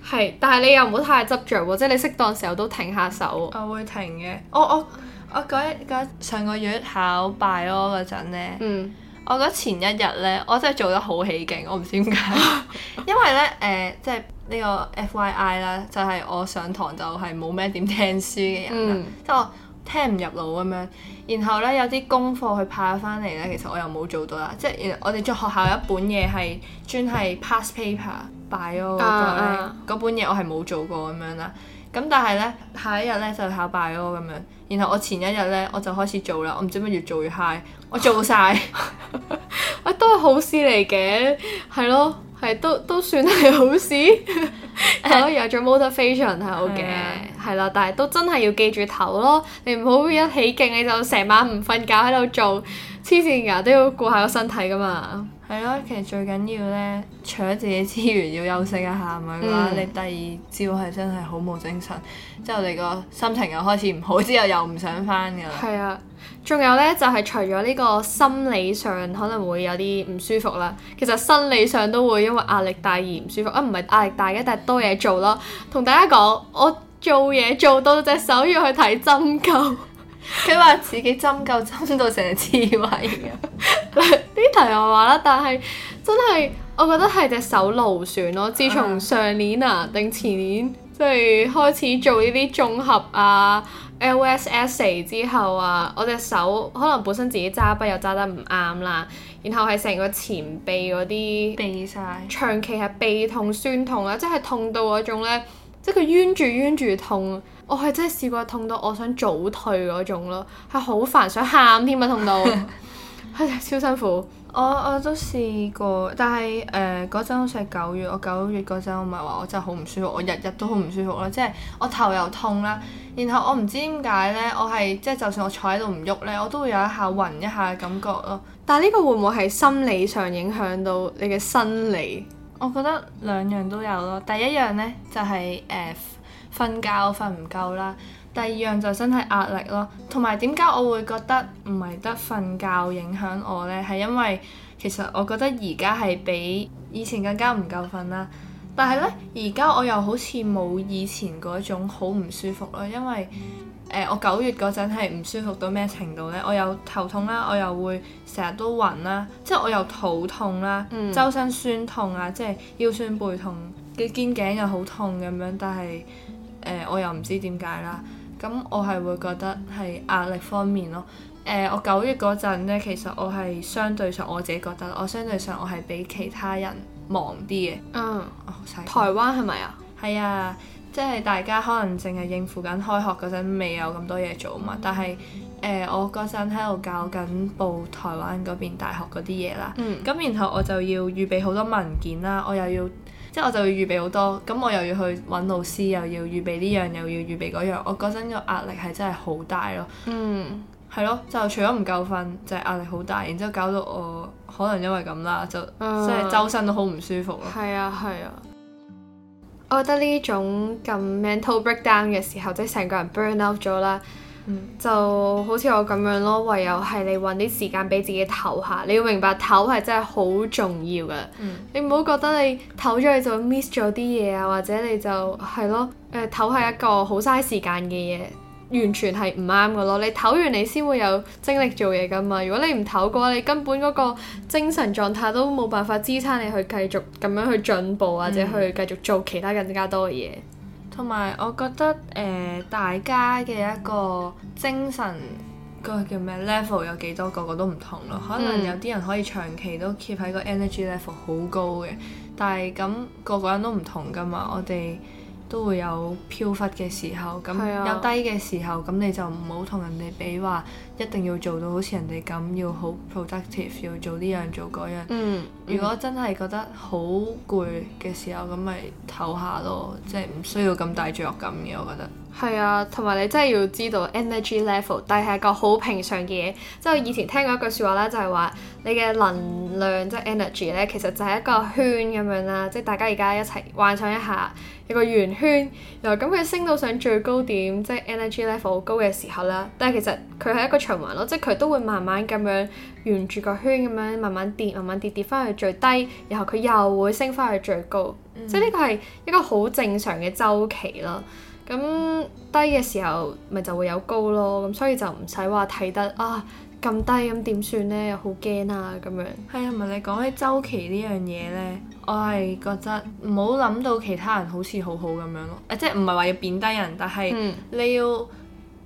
S1: 係，但係你又唔好太執着喎，即係你適當時候都停下手。我會停嘅、oh，我我我嗰嗰
S2: 上個月考 Bio 咯嗰陣咧，嗯、我覺得前一日咧，我真係做得好起勁，我唔知點解， [laughs] [laughs] [laughs] 因為咧誒，即係呢個 F Y I 啦，就係我上堂就係冇咩點聽書嘅人啦，即係我。嗯 [music] 聽唔入腦咁樣，然後呢，有啲功課去派翻嚟呢。其實我又冇做到啦。即係我哋做學校一本嘢係專係 past、啊、paper 拜咯，嗰本嘢我係冇做過咁樣啦。咁但係呢，下一日呢就考拜咯咁樣。然後我前一日呢，我就開始
S1: 做啦，我唔知點解越做越 high 我做晒，我都係好事嚟嘅，係咯。係都都算係好事、 [laughs] 哦，係咯，有咗 motivation 係好嘅，係啦， [laughs] 但係都真係要記住抖咯，你唔好一起勁，你就成晚唔瞓覺喺度做黐線㗎，都要顧下個身體噶嘛。係咯，其實
S2: 最緊要咧，除咗自己之餘要休息一下咪，嘅話、嗯、你第二朝係真係好冇精神，之後你個心情又開始唔好，之後又唔想翻㗎啦。係啊、嗯，
S1: 仲有咧就係、是、除咗呢個心理上可能會有啲唔舒服啦，其實生理上都會因為壓力大而唔舒服啊，唔係壓力大嘅，但係多嘢做咯。同大家講，我做嘢做到隻手要去睇針灸。佢話自己針灸針到成刺蝟啊！啲題外話啦，但係真係我覺得係隻手勞損咯。自從上年啊定前年即係、就是、開始做呢啲綜合啊 LS essay 之後啊，我隻手可能本身自己揸筆又揸得唔啱啦，然後係成個前臂嗰啲臂曬長期係臂痛酸痛啊，即係痛到嗰種咧，即係佢冤住冤住痛。我係真係試過痛到我想早退嗰種咯，係好煩，想喊添啊！痛到係 [laughs] 超辛苦。我我都試過，
S2: 但係誒嗰陣好似係九月，我九月嗰陣我咪話我真係好唔舒服，我日日都好唔舒服咯，即係我頭又痛啦，然後我唔知點解呢，我係即係就算我坐喺度唔喐呢，我都會有一下暈一下嘅感覺咯。
S1: 但係呢個會唔會係心理上影響到
S2: 你嘅生理？我覺得兩樣都有咯。第一樣呢，就係誒。瞓覺我瞓唔夠啦，第二樣就身體壓力咯，同埋點解我會覺得唔係得瞓覺影響我呢？係因為其實我覺得而家係比以前更加唔夠瞓啦，但係呢，而家我又好似冇以前嗰種好唔舒服咯，因為、嗯呃、我九月嗰陣係唔舒服到咩程度呢？我又頭痛啦，我又會成日都暈啦，即係我又肚痛啦，周身酸痛啊，即係腰酸背痛嘅、嗯、肩頸又好痛咁樣，但係。誒、呃，我又唔知點解啦。咁我係會覺得係壓力方面咯。誒、呃，我九月嗰陣呢，其實我係相對上我自己覺得，我相對上我係比其他人忙啲嘅。嗯，哦、台灣係咪啊？係啊，即係大家可能淨係應付緊開學嗰陣未有咁多嘢做嘛。嗯、但係誒、呃，我嗰陣喺度搞緊報台灣嗰邊大學嗰啲嘢啦。嗯。咁然後我就要預備好多文件啦，我又要。即係我就要預備好多，咁我又要去揾老師，又要預備呢樣，又要預備嗰樣，我覺得個壓力係真係好大咯。嗯，係咯，就除咗唔夠瞓，就係、是、壓力好大，然之後搞到我可能因為咁啦，就、嗯、即係周身都好唔舒服咯。係
S1: 啊，係啊，我覺得呢種咁 mental breakdown 嘅時候，即係成個人 burn out 咗啦。就好似我咁樣咯，唯有係你搵啲時間俾自己唞下，你要明白唞係真係好重要㗎，嗯、你唔好覺得你唞咗你就 miss 咗啲嘢啊，或者你就係咯，誒唞係一個好嘥時間嘅嘢，完全係唔啱㗎咯。你唞完你先會有精力做嘢㗎嘛，如果你唔唞嘅話，你根本嗰個精神狀態都冇辦法支撐你去繼續咁樣去進步或者去繼續做其他更加多嘅嘢。嗯
S2: 同埋我覺得誒、呃、大家嘅一個精神嗰個叫咩 level 有幾多個個都唔同咯，嗯、可能有啲人可以長期都 keep 喺個 energy level 好高嘅，但係咁個個人都唔同㗎嘛，我哋都會有飄忽嘅時候，咁有低嘅時候，咁是、啊、你就唔好同人哋比話。一定要做到好似人哋咁，要好 productive，要做呢樣做樣，嗯。嗯，如果真係覺得好攰嘅時候，咁咪唞下咯，即係唔需要咁大罪惡感嘅，我覺得。
S1: 係啊，同埋你真係要知道 energy level，但係個好平常嘅嘢。即係以前聽過一句說話啦，就係話你嘅能量即係 energy 咧，其實就係一個圈咁樣啦。即係大家而家一齊幻想一下，有一個圓圈，然後咁佢升到上最高點，即係 energy level 好高嘅時候啦。但係其實佢係一個。循環咯，即係佢都會慢慢咁樣沿住個圈咁樣慢慢跌，慢慢跌跌翻去最低，然後佢又會升翻去最高。嗯、即係呢個係一個好正常嘅周期啦。咁低嘅時候，咪就會有高咯。咁所以就唔使話睇得啊咁低咁點算呢？又好驚啊咁樣。係啊，同埋你講起周期呢
S2: 樣嘢呢，我係覺得唔好諗到其他人好似好好咁樣咯。即係唔係話要貶低人，但係你要。嗯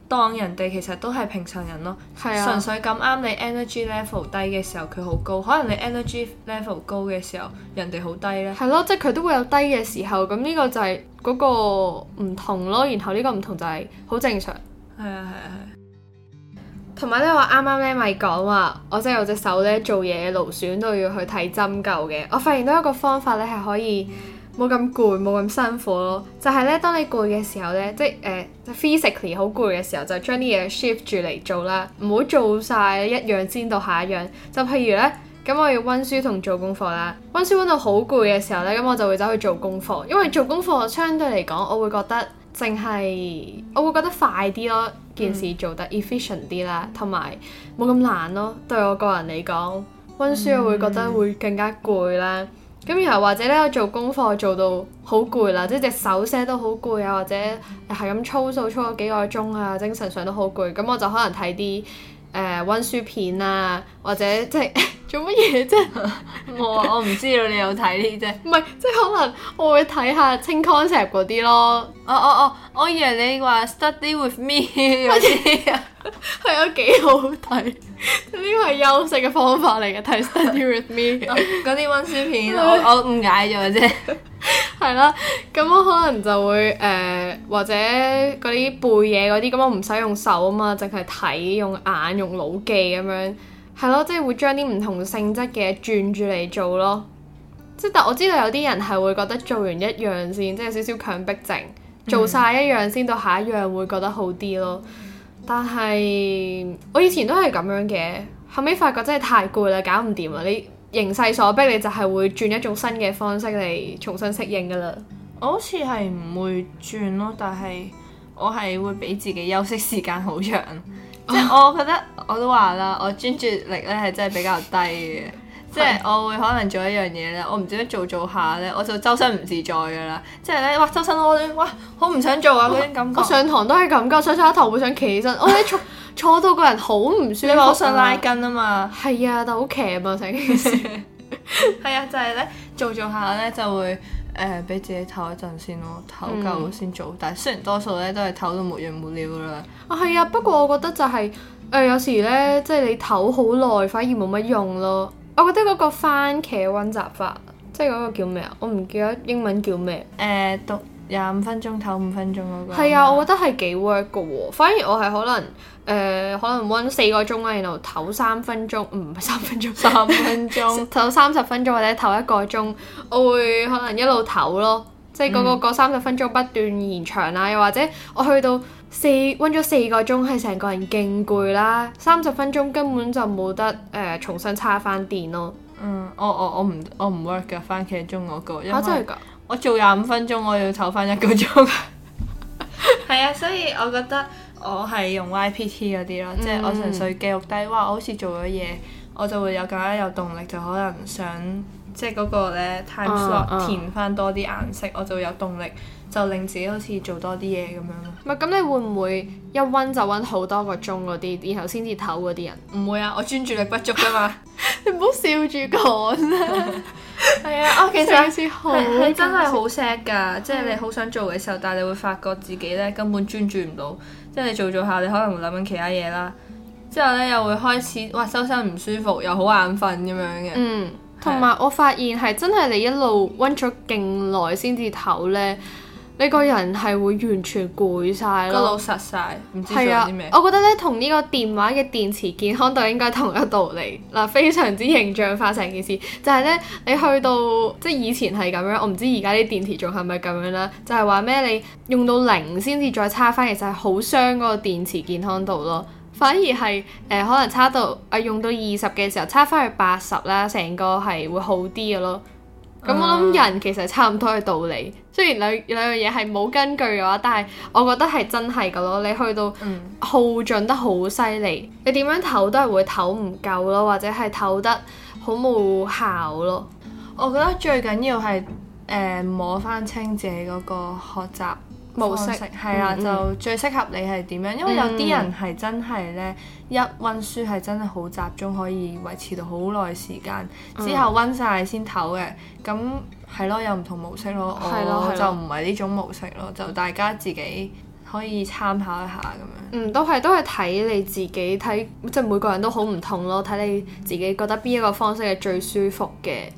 S2: 當人哋其實都係平常人咯，啊、純粹咁啱你 energy level 低嘅時候佢好高，可能你 energy level 高嘅時候人哋好低呢。
S1: 係咯、啊，即係佢都會有低嘅時候，咁呢個就係嗰個唔同咯。然後呢個唔同就係好正常。係啊係啊
S2: 係。
S1: 同埋咧，我啱啱咧咪講話，我真係有隻手咧做嘢勞損都要去睇針灸嘅。我發現到一個方法咧係可以，冇咁攰，冇咁辛苦咯。就係咧，當你攰嘅時候呢，即係誒，就 physically 好攰嘅時候，就將啲嘢 shift 住嚟做啦。唔好做晒一樣先到下一樣。就譬如呢，咁我要温書同做功課啦。温書温到好攰嘅時候呢，咁我就會走去做功課，因為做功課相對嚟講，我會覺得淨係，我會覺得快啲咯，件事做得 efficient 啲啦，同埋冇咁難咯。對我個人嚟講，温書我會覺得會更加攰啦。咁然後或者咧我做功課做到好攰啦，即隻手寫都好攰啊，或者係咁操數操咗幾個鐘啊，精神上都好攰，咁我就可能睇啲誒溫書片啊，或者即。 [laughs] 做乜嘢啫？我我唔知道，你有睇呢啲啫。唔係， [laughs] 即係可能我會睇下清 concept 嗰啲咯。哦哦哦，我以為你話 study with me 嗰啲 [laughs] [laughs] [laughs] [laughs] 啊，係都幾好睇。呢個係休息嘅方法嚟嘅，睇 study with me 嗰啲溫書片，我我誤解咗啫。係 [laughs] [laughs] [laughs] 啦，咁我可能就會誒、呃，或者嗰啲背嘢嗰啲，咁我唔使用，用手啊嘛，淨係睇用眼用腦記咁樣。係咯， [noise] 即係會將啲唔同性質嘅轉住嚟做咯。即係我知道有啲人係會覺得做完一樣先，即係少少強迫症，嗯、做晒一樣先到下一樣會覺得好啲咯。但係我以前都係咁樣嘅，後尾發覺真係太攰啦，搞唔掂啦。你形勢所逼，你就係會轉一種新嘅方式嚟重新適應噶啦。
S2: 我好似係唔會轉咯，但係我係會俾自己休息時間好長。即係噗 我覺得我都話啦，我專注力咧係真係比較低嘅，即係、嗯、我會可能做一樣嘢咧，我唔知點做一做下咧，我就周身唔自在噶啦。即係咧，哇周身攞亂，哇好唔想做啊嗰種感覺。我，我上
S1: 堂都係咁㗎，我上上頭會想企起身，我一坐坐到個人好唔舒服。你話我想拉筋啊嘛，係啊，啊，但係好攰啊嘛成件
S2: 事。係啊， [laughs] 就係咧做一做下咧就會。誒，俾、呃、自己唞一陣先咯，唞夠先做。嗯、但係雖然多數咧都係唞到沒完沒了啦。
S1: 啊，係啊，不過我覺得就係、是、誒、呃，有時咧，即係你唞好耐，反而冇乜用咯。我覺得嗰個番茄溫習法，即係嗰個叫咩啊？我唔記得英文叫咩。誒、呃，都。廿五分鐘唞五分鐘嗰個，係啊，我覺得係幾 work 嘅喎、哦。反而我係可能誒、呃，可能温四個鐘啊，然後唞三分鐘，唔係三分鐘，三 [laughs] 分鐘唞三十分鐘或者唞一個鐘，我會可能一路唞咯，嗯、即係、那、嗰個三十分鐘不斷延長啦。又或者我去到四，温咗四個鐘係成個人勁攰啦，三十分鐘根本就冇得誒、呃、重新叉翻電咯。嗯，我我我唔我唔 work 嘅番茄鐘嗰、那個我真係㗎。我做廿五分鐘，我要唞翻一個鐘。
S2: 係啊，所以我覺得我係用 YPT 嗰啲咯，嗯、即係我純粹記錄低，哇！我好似做咗嘢，我就會有更加有動力，就可能想即係嗰
S1: 個咧，time slot 填翻多啲顏色，uh, uh. 我就會有動力，就令自己好似做多啲嘢咁樣、嗯。唔係咁，你會唔會一温就温好多個鐘嗰啲，然後先至唞嗰啲人？唔
S2: 會啊，我專注力不足噶嘛。 [laughs] 你
S1: 唔好笑住講啦。
S2: 係 [laughs] 啊，我、哦、其實有時好是真係好 sad 㗎，嗯、即係你好想做嘅時候，但係你會發覺自己咧根本專注唔到，即係你做做下，你可能會諗緊其他嘢啦，之後咧又會開始哇收身唔舒服，又好眼瞓咁樣嘅。嗯，
S1: 同埋是我發現係真係你一路温咗勁耐先至唞咧，你個人係會完全攰晒，咯，老實晒，唔知做啲咩。我覺得咧，同呢個電話嘅電池健康度應該同一道理。嗱，非常之形象化成件事，就係、是、咧，你去到即係以前係咁樣，我唔知而家啲電池仲係咪咁樣啦。就係話咩？你用到零先至再插翻，其實係好傷嗰個電池健康度咯。反而係誒、呃，可能插到啊用到二十嘅時候，插翻去八十啦，成個係會好啲嘅咯。咁我諗人其實差唔多嘅道理，嗯、雖然兩兩樣嘢係冇根據嘅話，但係我覺得係真係㗎咯。你去到耗盡得好犀利，嗯、你點樣唞都係會唞唔夠咯，或者係唞得好冇效咯。我覺得最緊要係誒、呃、摸翻清自己嗰個學習模式係啊，就
S2: 最適合你係點樣？因為有啲人係真係呢，嗯、一溫書係真係好集中，可以維持到好耐時間，嗯、之後溫曬先唞嘅。咁係咯，有唔同模式咯，了我就唔係呢種模式咯。了就大家自己可以參考一下咁樣。
S1: 嗯，都係都係睇你自己睇，即係每個人都好唔同咯，睇你自己覺得邊一個方式係最舒服嘅，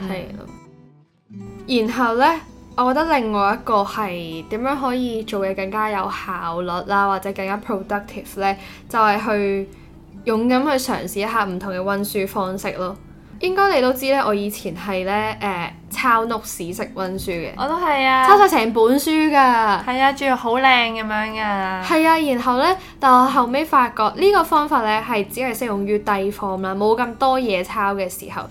S1: 係、嗯、了然後呢。我覺得另外一個係點樣可以做嘢更加有效率啦，或者更加 productive 呢？就係、是、去勇敢去嘗試一下唔同嘅溫書方式咯。應該你都知咧，我以前係咧誒抄 note 式溫書嘅，我都係啊，抄晒成本書㗎，係啊，仲要好靚咁樣㗎，係啊。然後呢，但我後尾發覺呢個方法呢，係只係適用於低 form 啦，冇咁多嘢抄嘅時候。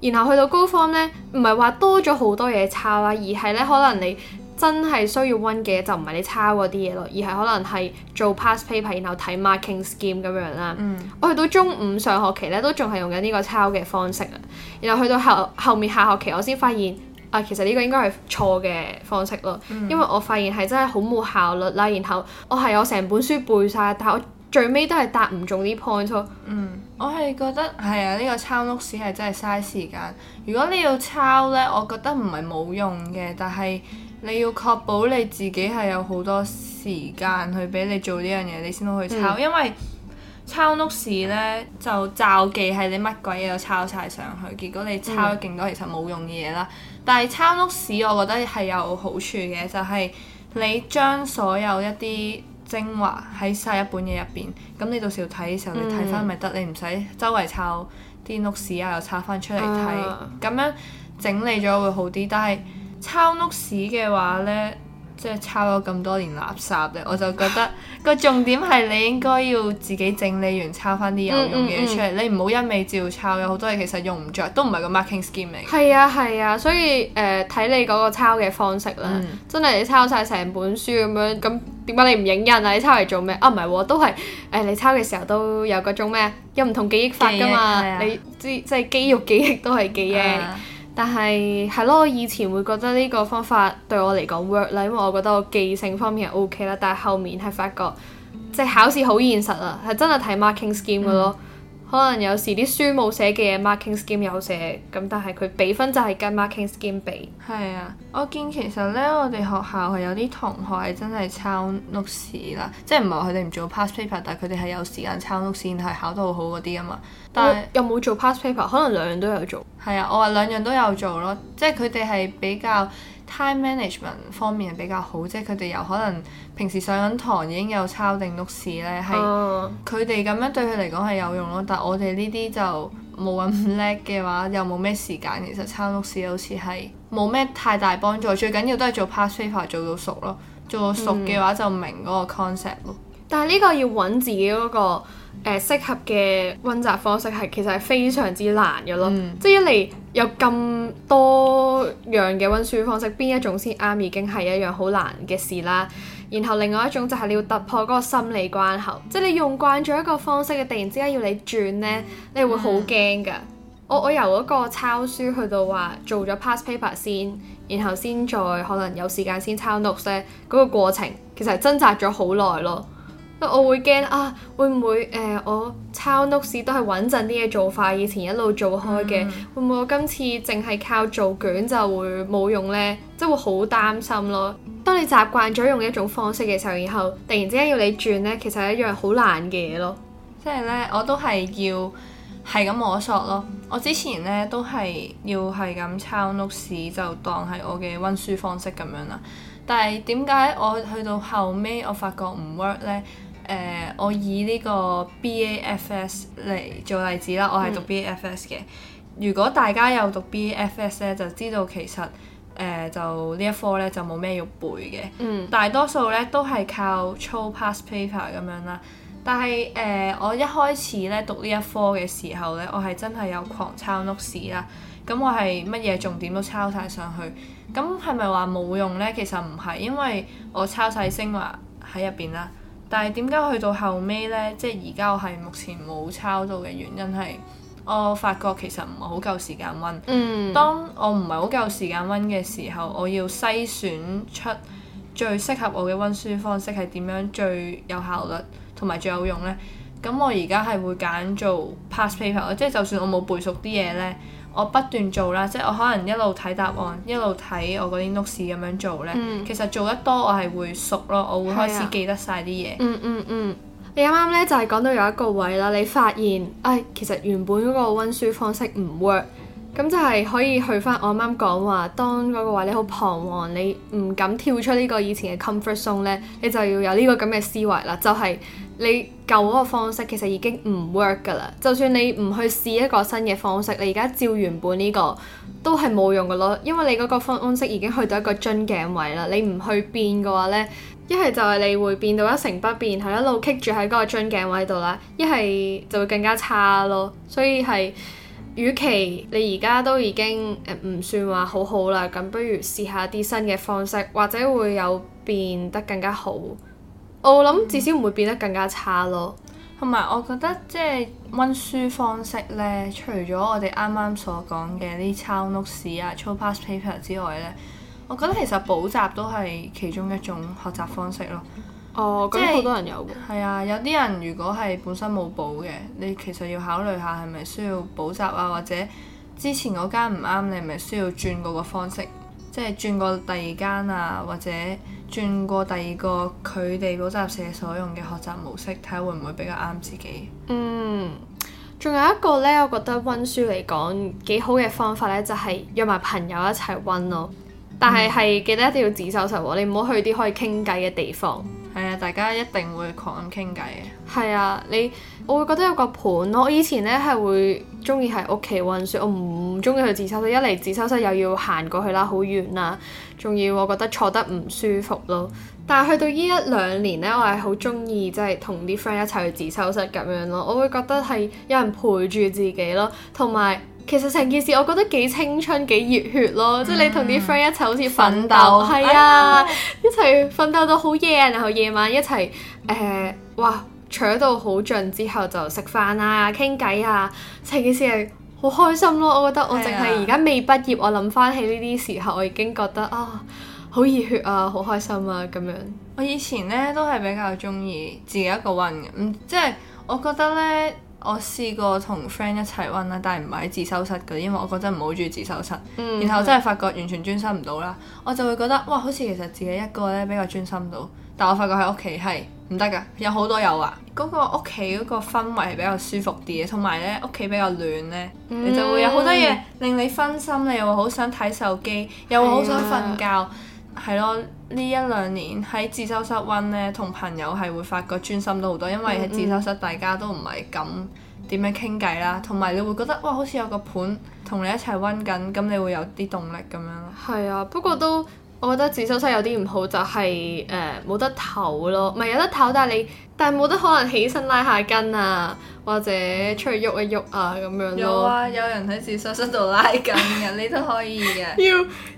S1: 然後去到高方呢，唔係話多咗好多嘢抄啦，而係呢，可能你真係需要溫嘅就唔係你抄嗰啲嘢咯，而係可能係做 past paper，然後睇 marking scheme 咁樣啦。嗯、我去到中五上學期呢，都仲係用緊呢個抄嘅方式啊，然後去到後後面下學期我先發現啊、呃，其實呢個應該係錯嘅方式咯，嗯、因為我發現係真係好冇效率啦。然後、哦、我係我成本書背晒。但係我。最尾都係答唔中啲 point。嗯，我係覺得係啊，呢、這個抄 notes 係真係嘥時間。如果你要
S2: 抄呢，我覺得唔係冇用嘅，但係你要確保你自己係有好多時間去俾你做呢樣嘢，你先可去抄。嗯、因為抄 notes 呢，e 就照記係你乜鬼嘢都抄晒上去，結果你抄咗勁多、嗯、其實冇用嘅嘢啦。但係抄 notes 我覺得係有好處嘅，就係、是、你將所有一啲。精華喺曬一本嘢入邊，咁你到時候睇嘅時候，你睇翻咪得，嗯、你唔使周圍抄啲屋史啊，又抄翻出嚟睇，咁樣整理咗會好啲。但係抄屋史嘅話呢。即係抄咗咁多年垃圾嘅，我就覺得個重點係你應該要自己整理完抄翻啲有用嘅嘢出嚟，嗯嗯你唔好一味照抄，有好多嘢其實用唔着，都唔係個 marking scheme 嚟。係
S1: 啊係啊，所以誒睇、呃、你嗰個抄嘅方式啦，嗯、真係你抄晒成本書咁樣，咁點解你唔影印啊？你抄嚟做咩？啊唔係、啊，都係誒、呃、你抄嘅時候都有嗰種咩？有唔同記憶法噶嘛？啊、你即即係肌肉記憶都係記憶。啊。但係係咯，我以前會覺得呢個方法對我嚟講 work 啦，因為我覺得我記性方面係 OK 啦，但係後面係發覺即係、就是、考試好現實啊，係真係睇 marking scheme 嘅咯。嗯。可能有時啲書冇寫嘅嘢，marking scheme 有寫，咁但係佢俾分就係跟 marking scheme 俾。係啊，
S2: 我見其實呢，我哋學校係有啲同學係真係抄 notes 啦，即係唔係話佢哋唔做 pass paper，但係佢哋係有時間抄 notes 先，係考得好好嗰啲啊嘛。但係又冇做 pass paper？可能兩樣都有做。係啊，我話兩樣都有做咯，即係佢哋係比較。Time management 方面係比較好，即係佢哋有可能平時上緊堂已經有抄定 notes 咧，係佢哋咁樣對佢嚟講係有用咯。但係我哋呢啲就冇咁叻嘅話，又冇咩時間，其實抄 notes 好似係冇咩太大幫助。最緊要都係做 past paper 做到熟咯，做到熟嘅
S1: 話就明嗰個 concept 咯、嗯。但係呢個要揾自己嗰、嗰個。誒、呃、適合嘅温習方式係其實係非常之難嘅咯，嗯、即係一嚟有咁多樣嘅温書方式，邊一種先啱已經係一樣好難嘅事啦。然後另外一種就係你要突破嗰個心理關口，即係你用慣咗一個方式嘅，突然之間要你轉呢，你會好驚㗎。我我由嗰個抄書去到話做咗 past paper 先，然後先再可能有時間先抄 notes 嗰、嗰個過程，其實係掙扎咗好耐咯。我會驚啊！會唔會誒、呃、我抄 notes 都係穩陣啲嘅做法？以前一路做開嘅，嗯、會唔會我今次淨係靠做卷就會冇用呢？即會好擔心咯。當你習慣咗用一種方式嘅時候，以後突然之間要你轉呢，其實係一樣好難嘅嘢咯。即係呢，我都
S2: 係要係咁摸索咯。我之前呢，都係要係咁抄 notes 就當係我嘅温書方式咁樣啦。但係點解我去到後尾，我發覺唔 work 呢？誒、呃，我以呢個 B.A.F.S 嚟做例子啦。我係讀 B.A.F.S 嘅。嗯、如果大家有讀 B.A.F.S 咧，就知道其實誒、呃、就一呢一科咧就冇咩要背嘅。嗯，大多數咧都係靠操 past paper 咁樣啦。但係誒、呃，我一開始咧讀呢一科嘅時候咧，我係真係有狂抄 notes 啦。咁我係乜嘢重點都抄晒上去。咁係咪話冇用咧？其實唔係，因為我抄晒昇華喺入邊啦。但係點解去到後尾呢？即係而家我係目前冇抄到嘅原因係，我發覺其實唔係好夠時間温。嗯、當我唔係好夠時間温嘅時候，我要篩選出最適合我嘅温書方式係點樣最有效率同埋最有用呢？咁我而家係會揀做 past paper，即係就算我冇背熟啲嘢呢。我不斷做啦，即係我可能一路睇答案，一路睇我嗰啲 notes 咁樣做呢。嗯、其實做得多，我係會熟咯，我會開始記得晒啲嘢。嗯
S1: 嗯嗯，你啱啱呢就係、是、講到有一個位啦，你發現，唉、哎，其實原本嗰個温書方式唔 work，咁就係可以去翻我啱啱講話，當嗰個位你好彷徨，你唔敢跳出呢個以前嘅 comfort zone 呢，你就要有呢個咁嘅思維啦，就係、是。你舊嗰個方式其實已經唔 work 噶啦，就算你唔去試一個新嘅方式，你而家照原本呢個都係冇用噶咯，因為你嗰個方式已經去到一個樽頸位啦。你唔去變嘅話呢，一係就係你會變到一成不變，係一路棘住喺嗰個樽頸位度啦；一係就會更加差咯。所以係，與其你而家都已經唔算話好好啦，咁不如試下啲新嘅方式，或者會有變得更加好。我諗至少唔會變得更加差咯、嗯，同埋我覺得即係
S2: 温書方式呢，除咗我哋啱啱所講嘅啲抄 notes 啊、嗯、抄 past paper 之外呢，我覺得其實補習都係其中一種學習方式咯。
S1: 哦，即係是好多人有
S2: 嘅。係啊，有啲人如果係本身冇補嘅，你其實要考慮下係咪需要補習啊？或者之前嗰間唔啱，你係咪需要轉個方式，即係轉個第二間啊，或者。轉過第二個佢哋補習社所用嘅學習模式，睇下會唔會比較啱自己。
S1: 嗯，仲有一個呢，我覺得温書嚟講幾好嘅方法呢，就係約埋朋友一齊温咯。但係係記得一定要自修室喎，嗯、你唔好去啲可以傾偈嘅地方。係啊，大家一定會狂咁傾偈嘅。係啊，你我會覺得有個伴咯。我以前呢係會中意喺屋企温書，我唔唔中意去自修室，一嚟自修室又要行過去啦，好遠啊！仲要我覺得坐得唔舒服咯，但係去到呢一兩年呢，我係好中意即係同啲 friend 一齊去自修室咁樣咯，我會覺得係有人陪住自己咯，同埋其實成件事我覺得幾青春幾熱血咯，嗯、即係你同啲 friend 一齊好似奮鬥，係、嗯、啊，啊一齊奮鬥到好夜，然後夜晚一齊誒、呃、哇坐到好盡之後就食飯啊傾偈啊，成件事係。好開心咯！我覺得我淨係而家未畢業，是啊、我諗翻起呢啲時候，我已經覺得啊，好熱血啊，好開心啊咁樣。
S2: 我以前呢都係比較中意自己一個温嘅，即係我覺得呢，我試過同 friend 一齊温啦，但係唔係喺自修室嘅，因為我覺得唔好住自修室，嗯、然後真係發覺完全專心唔到啦。的我就會覺得哇，好似其實自己一個呢比較專心到，但我發覺喺屋企係。唔得噶，有好多有啊。嗰、嗰個屋企嗰個氛圍係比較舒服啲嘅，同埋咧屋企比較暖咧，嗯、你就會有好多嘢令你分心。你又會好想睇手機，又會好想瞓覺。係咯、啊，呢一兩年喺自修室温咧，同朋友係會發覺專心多好多，因為喺自修室大家都唔係咁點樣傾偈啦，同埋、嗯嗯、你會覺得哇，好似有個伴同你一齊温緊，咁你會有啲動力咁樣
S1: 咯。係啊，不過都、嗯。我覺得自修室有啲唔好就係誒冇得唞咯，咪有得唞，但係你但係冇得可能起身拉下筋啊，或者出去喐一喐啊咁樣咯。有啊，有人喺自修室度拉筋嘅。 [laughs] 你都可以嘅。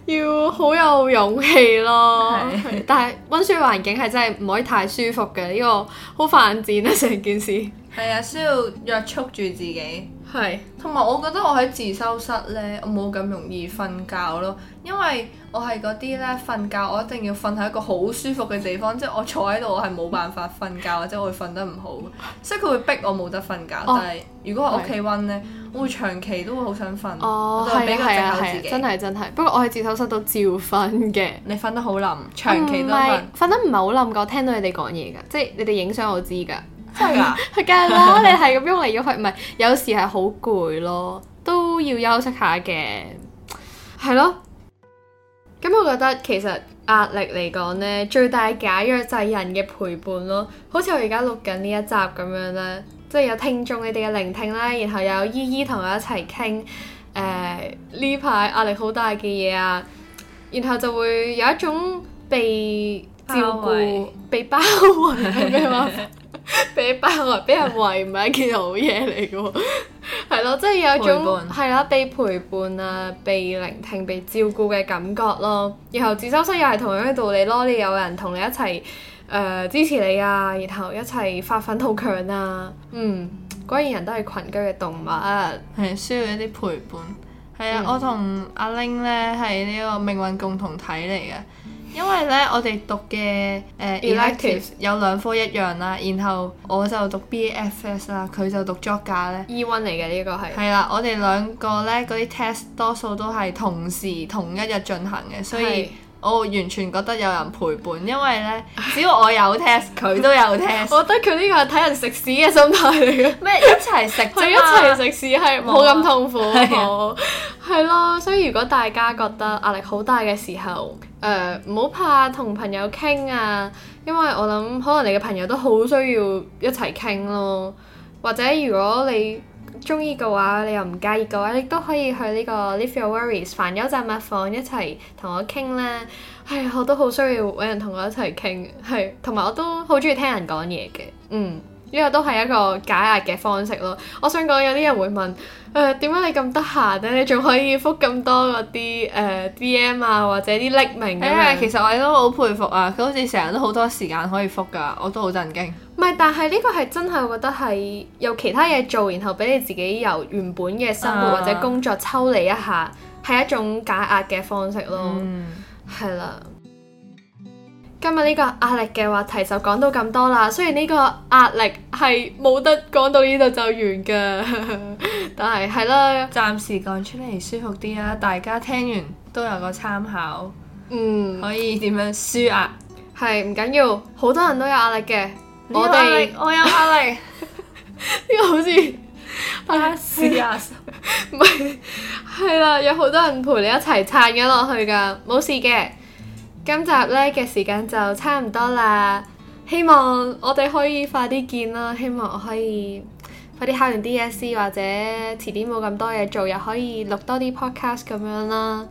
S1: 要要好有勇氣咯，是但係温書環境係真係唔可以太舒服嘅，呢、呢個好犯賤啊成件事。
S2: 係啊，需要約束住自己。係是，同埋我覺得我喺自修室咧，我冇咁容易瞓覺咯。因為我係嗰啲咧瞓覺，我一定要瞓喺一個好舒服嘅地方，即係我坐喺度，我係冇辦法瞓覺， [laughs] 或者我會瞓得唔好。所以佢會逼我冇得瞓覺。哦、但係如果我屋企温咧，是我會長期都會好想瞓。哦，係啊係啊，真係真係。
S1: 不過我喺自修室都照瞓嘅，你瞓得好冧，長期都瞓。瞓、啊、得唔係好冧噶，我聽到你哋講嘢噶，即係你哋影相我知噶。係啊，係梗係啦，你係咁用嚟咗去，唔係有時係好攰咯，都要休息下嘅，係 [laughs] 咯。咁我覺得其實壓力嚟講呢，最大解藥就係人嘅陪伴咯。好似我而家錄緊呢一集咁樣啦，即係有聽眾你哋嘅聆聽啦，然後有依依同我一齊傾，誒呢排壓力好大嘅嘢啊，然後就會有一種被。照顧被包圍係咩話？被包圍，俾人圍，唔係一件好嘢嚟嘅。係咯，即係有種係啦，被陪伴啊，被聆聽，被照顧嘅感覺咯。然後自修室又係同樣嘅道理咯。你有人同你一齊誒支持你啊，然後一齊發奮好強啊。嗯，果然人都係群居嘅動物，啊，係需要一啲陪伴。係啊，我同阿玲 i n 咧
S2: 係呢個命運共同體嚟嘅。因為咧，我哋讀嘅 electives 誒有兩科一樣啦，然後我就讀 B F S 啦，佢就讀 journal
S1: E1，嚟嘅呢個，係係
S2: 啦，我哋兩個呢嗰啲 test 多數都係同時同一日進行嘅，所以。所以我完全覺得有人陪伴，因為呢， [laughs] 只要我
S1: 有 test，佢都有 test。 [laughs] 我覺得佢呢個係睇人食屎嘅心態嚟嘅。咩一齊食啫嘛？一齊食 [laughs] 屎係冇咁痛苦。係咯，所以如果大家覺得壓力好大嘅時候，誒唔好怕同朋友傾啊，因為我諗可能你嘅朋友都好需要一齊傾咯，或者如果你。中意嘅話，你又唔介意嘅話，你都可以去呢個 Leave Your Worries，煩憂暫勿放一齊同我傾啦。係，我都好需要搵人同我一齊傾，係，同埋我都好中意聽人講嘢嘅，嗯。呢個都係一個解壓嘅方式咯。我想講有啲人會問，誒點解你咁得閒呢？你仲可以覆咁多嗰啲誒、呃、DM 啊，或者啲匿名？因為誒、哎，其實我哋都好佩服啊！佢好似成日都好多時間可以覆噶，我都好震驚。唔係，但係呢個係真係我覺得係有其他嘢做，然後俾你自己由原本嘅生活或者工作抽離一下，係、uh、一種解壓嘅方式咯。係、嗯嗯、啦。今日呢個壓力嘅話題就講到咁多啦，雖然呢個壓力係冇得講到呢度就完噶， [laughs] 但係係啦，暫時講出嚟，舒服啲啦，嗯、大家聽完都有個參考，嗯，可以點樣舒壓、啊？係唔緊要，好多人都有壓力嘅，我有壓力，我有壓力，呢 [laughs] [laughs] 個好似巴士啊，唔 [laughs] 係，係 [laughs] [laughs] 啦，有好多人陪你一齊撐緊落去噶，冇事嘅。今集咧嘅時間就差唔多啦，希望我哋可以快啲見啦，希望我可以快啲考完 DSE 或者遲啲冇咁多嘢做，又可以錄多啲 podcast 咁樣啦。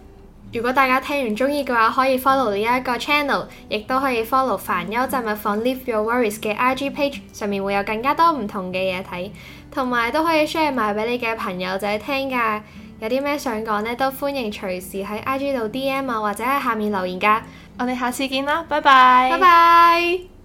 S1: 如果大家聽完中意嘅話，可以 follow 呢一個 channel，亦都可以 follow 煩憂雜物房 Leave Your Worries 嘅 IG page，上面會有更加多唔同嘅嘢睇，同埋都可以 share 埋俾你嘅朋友仔聽噶。有啲咩想講呢？都歡迎隨時喺 IG 度 DM 啊，或者喺下面留言噶、啊。我哋下次見啦，拜拜！拜拜。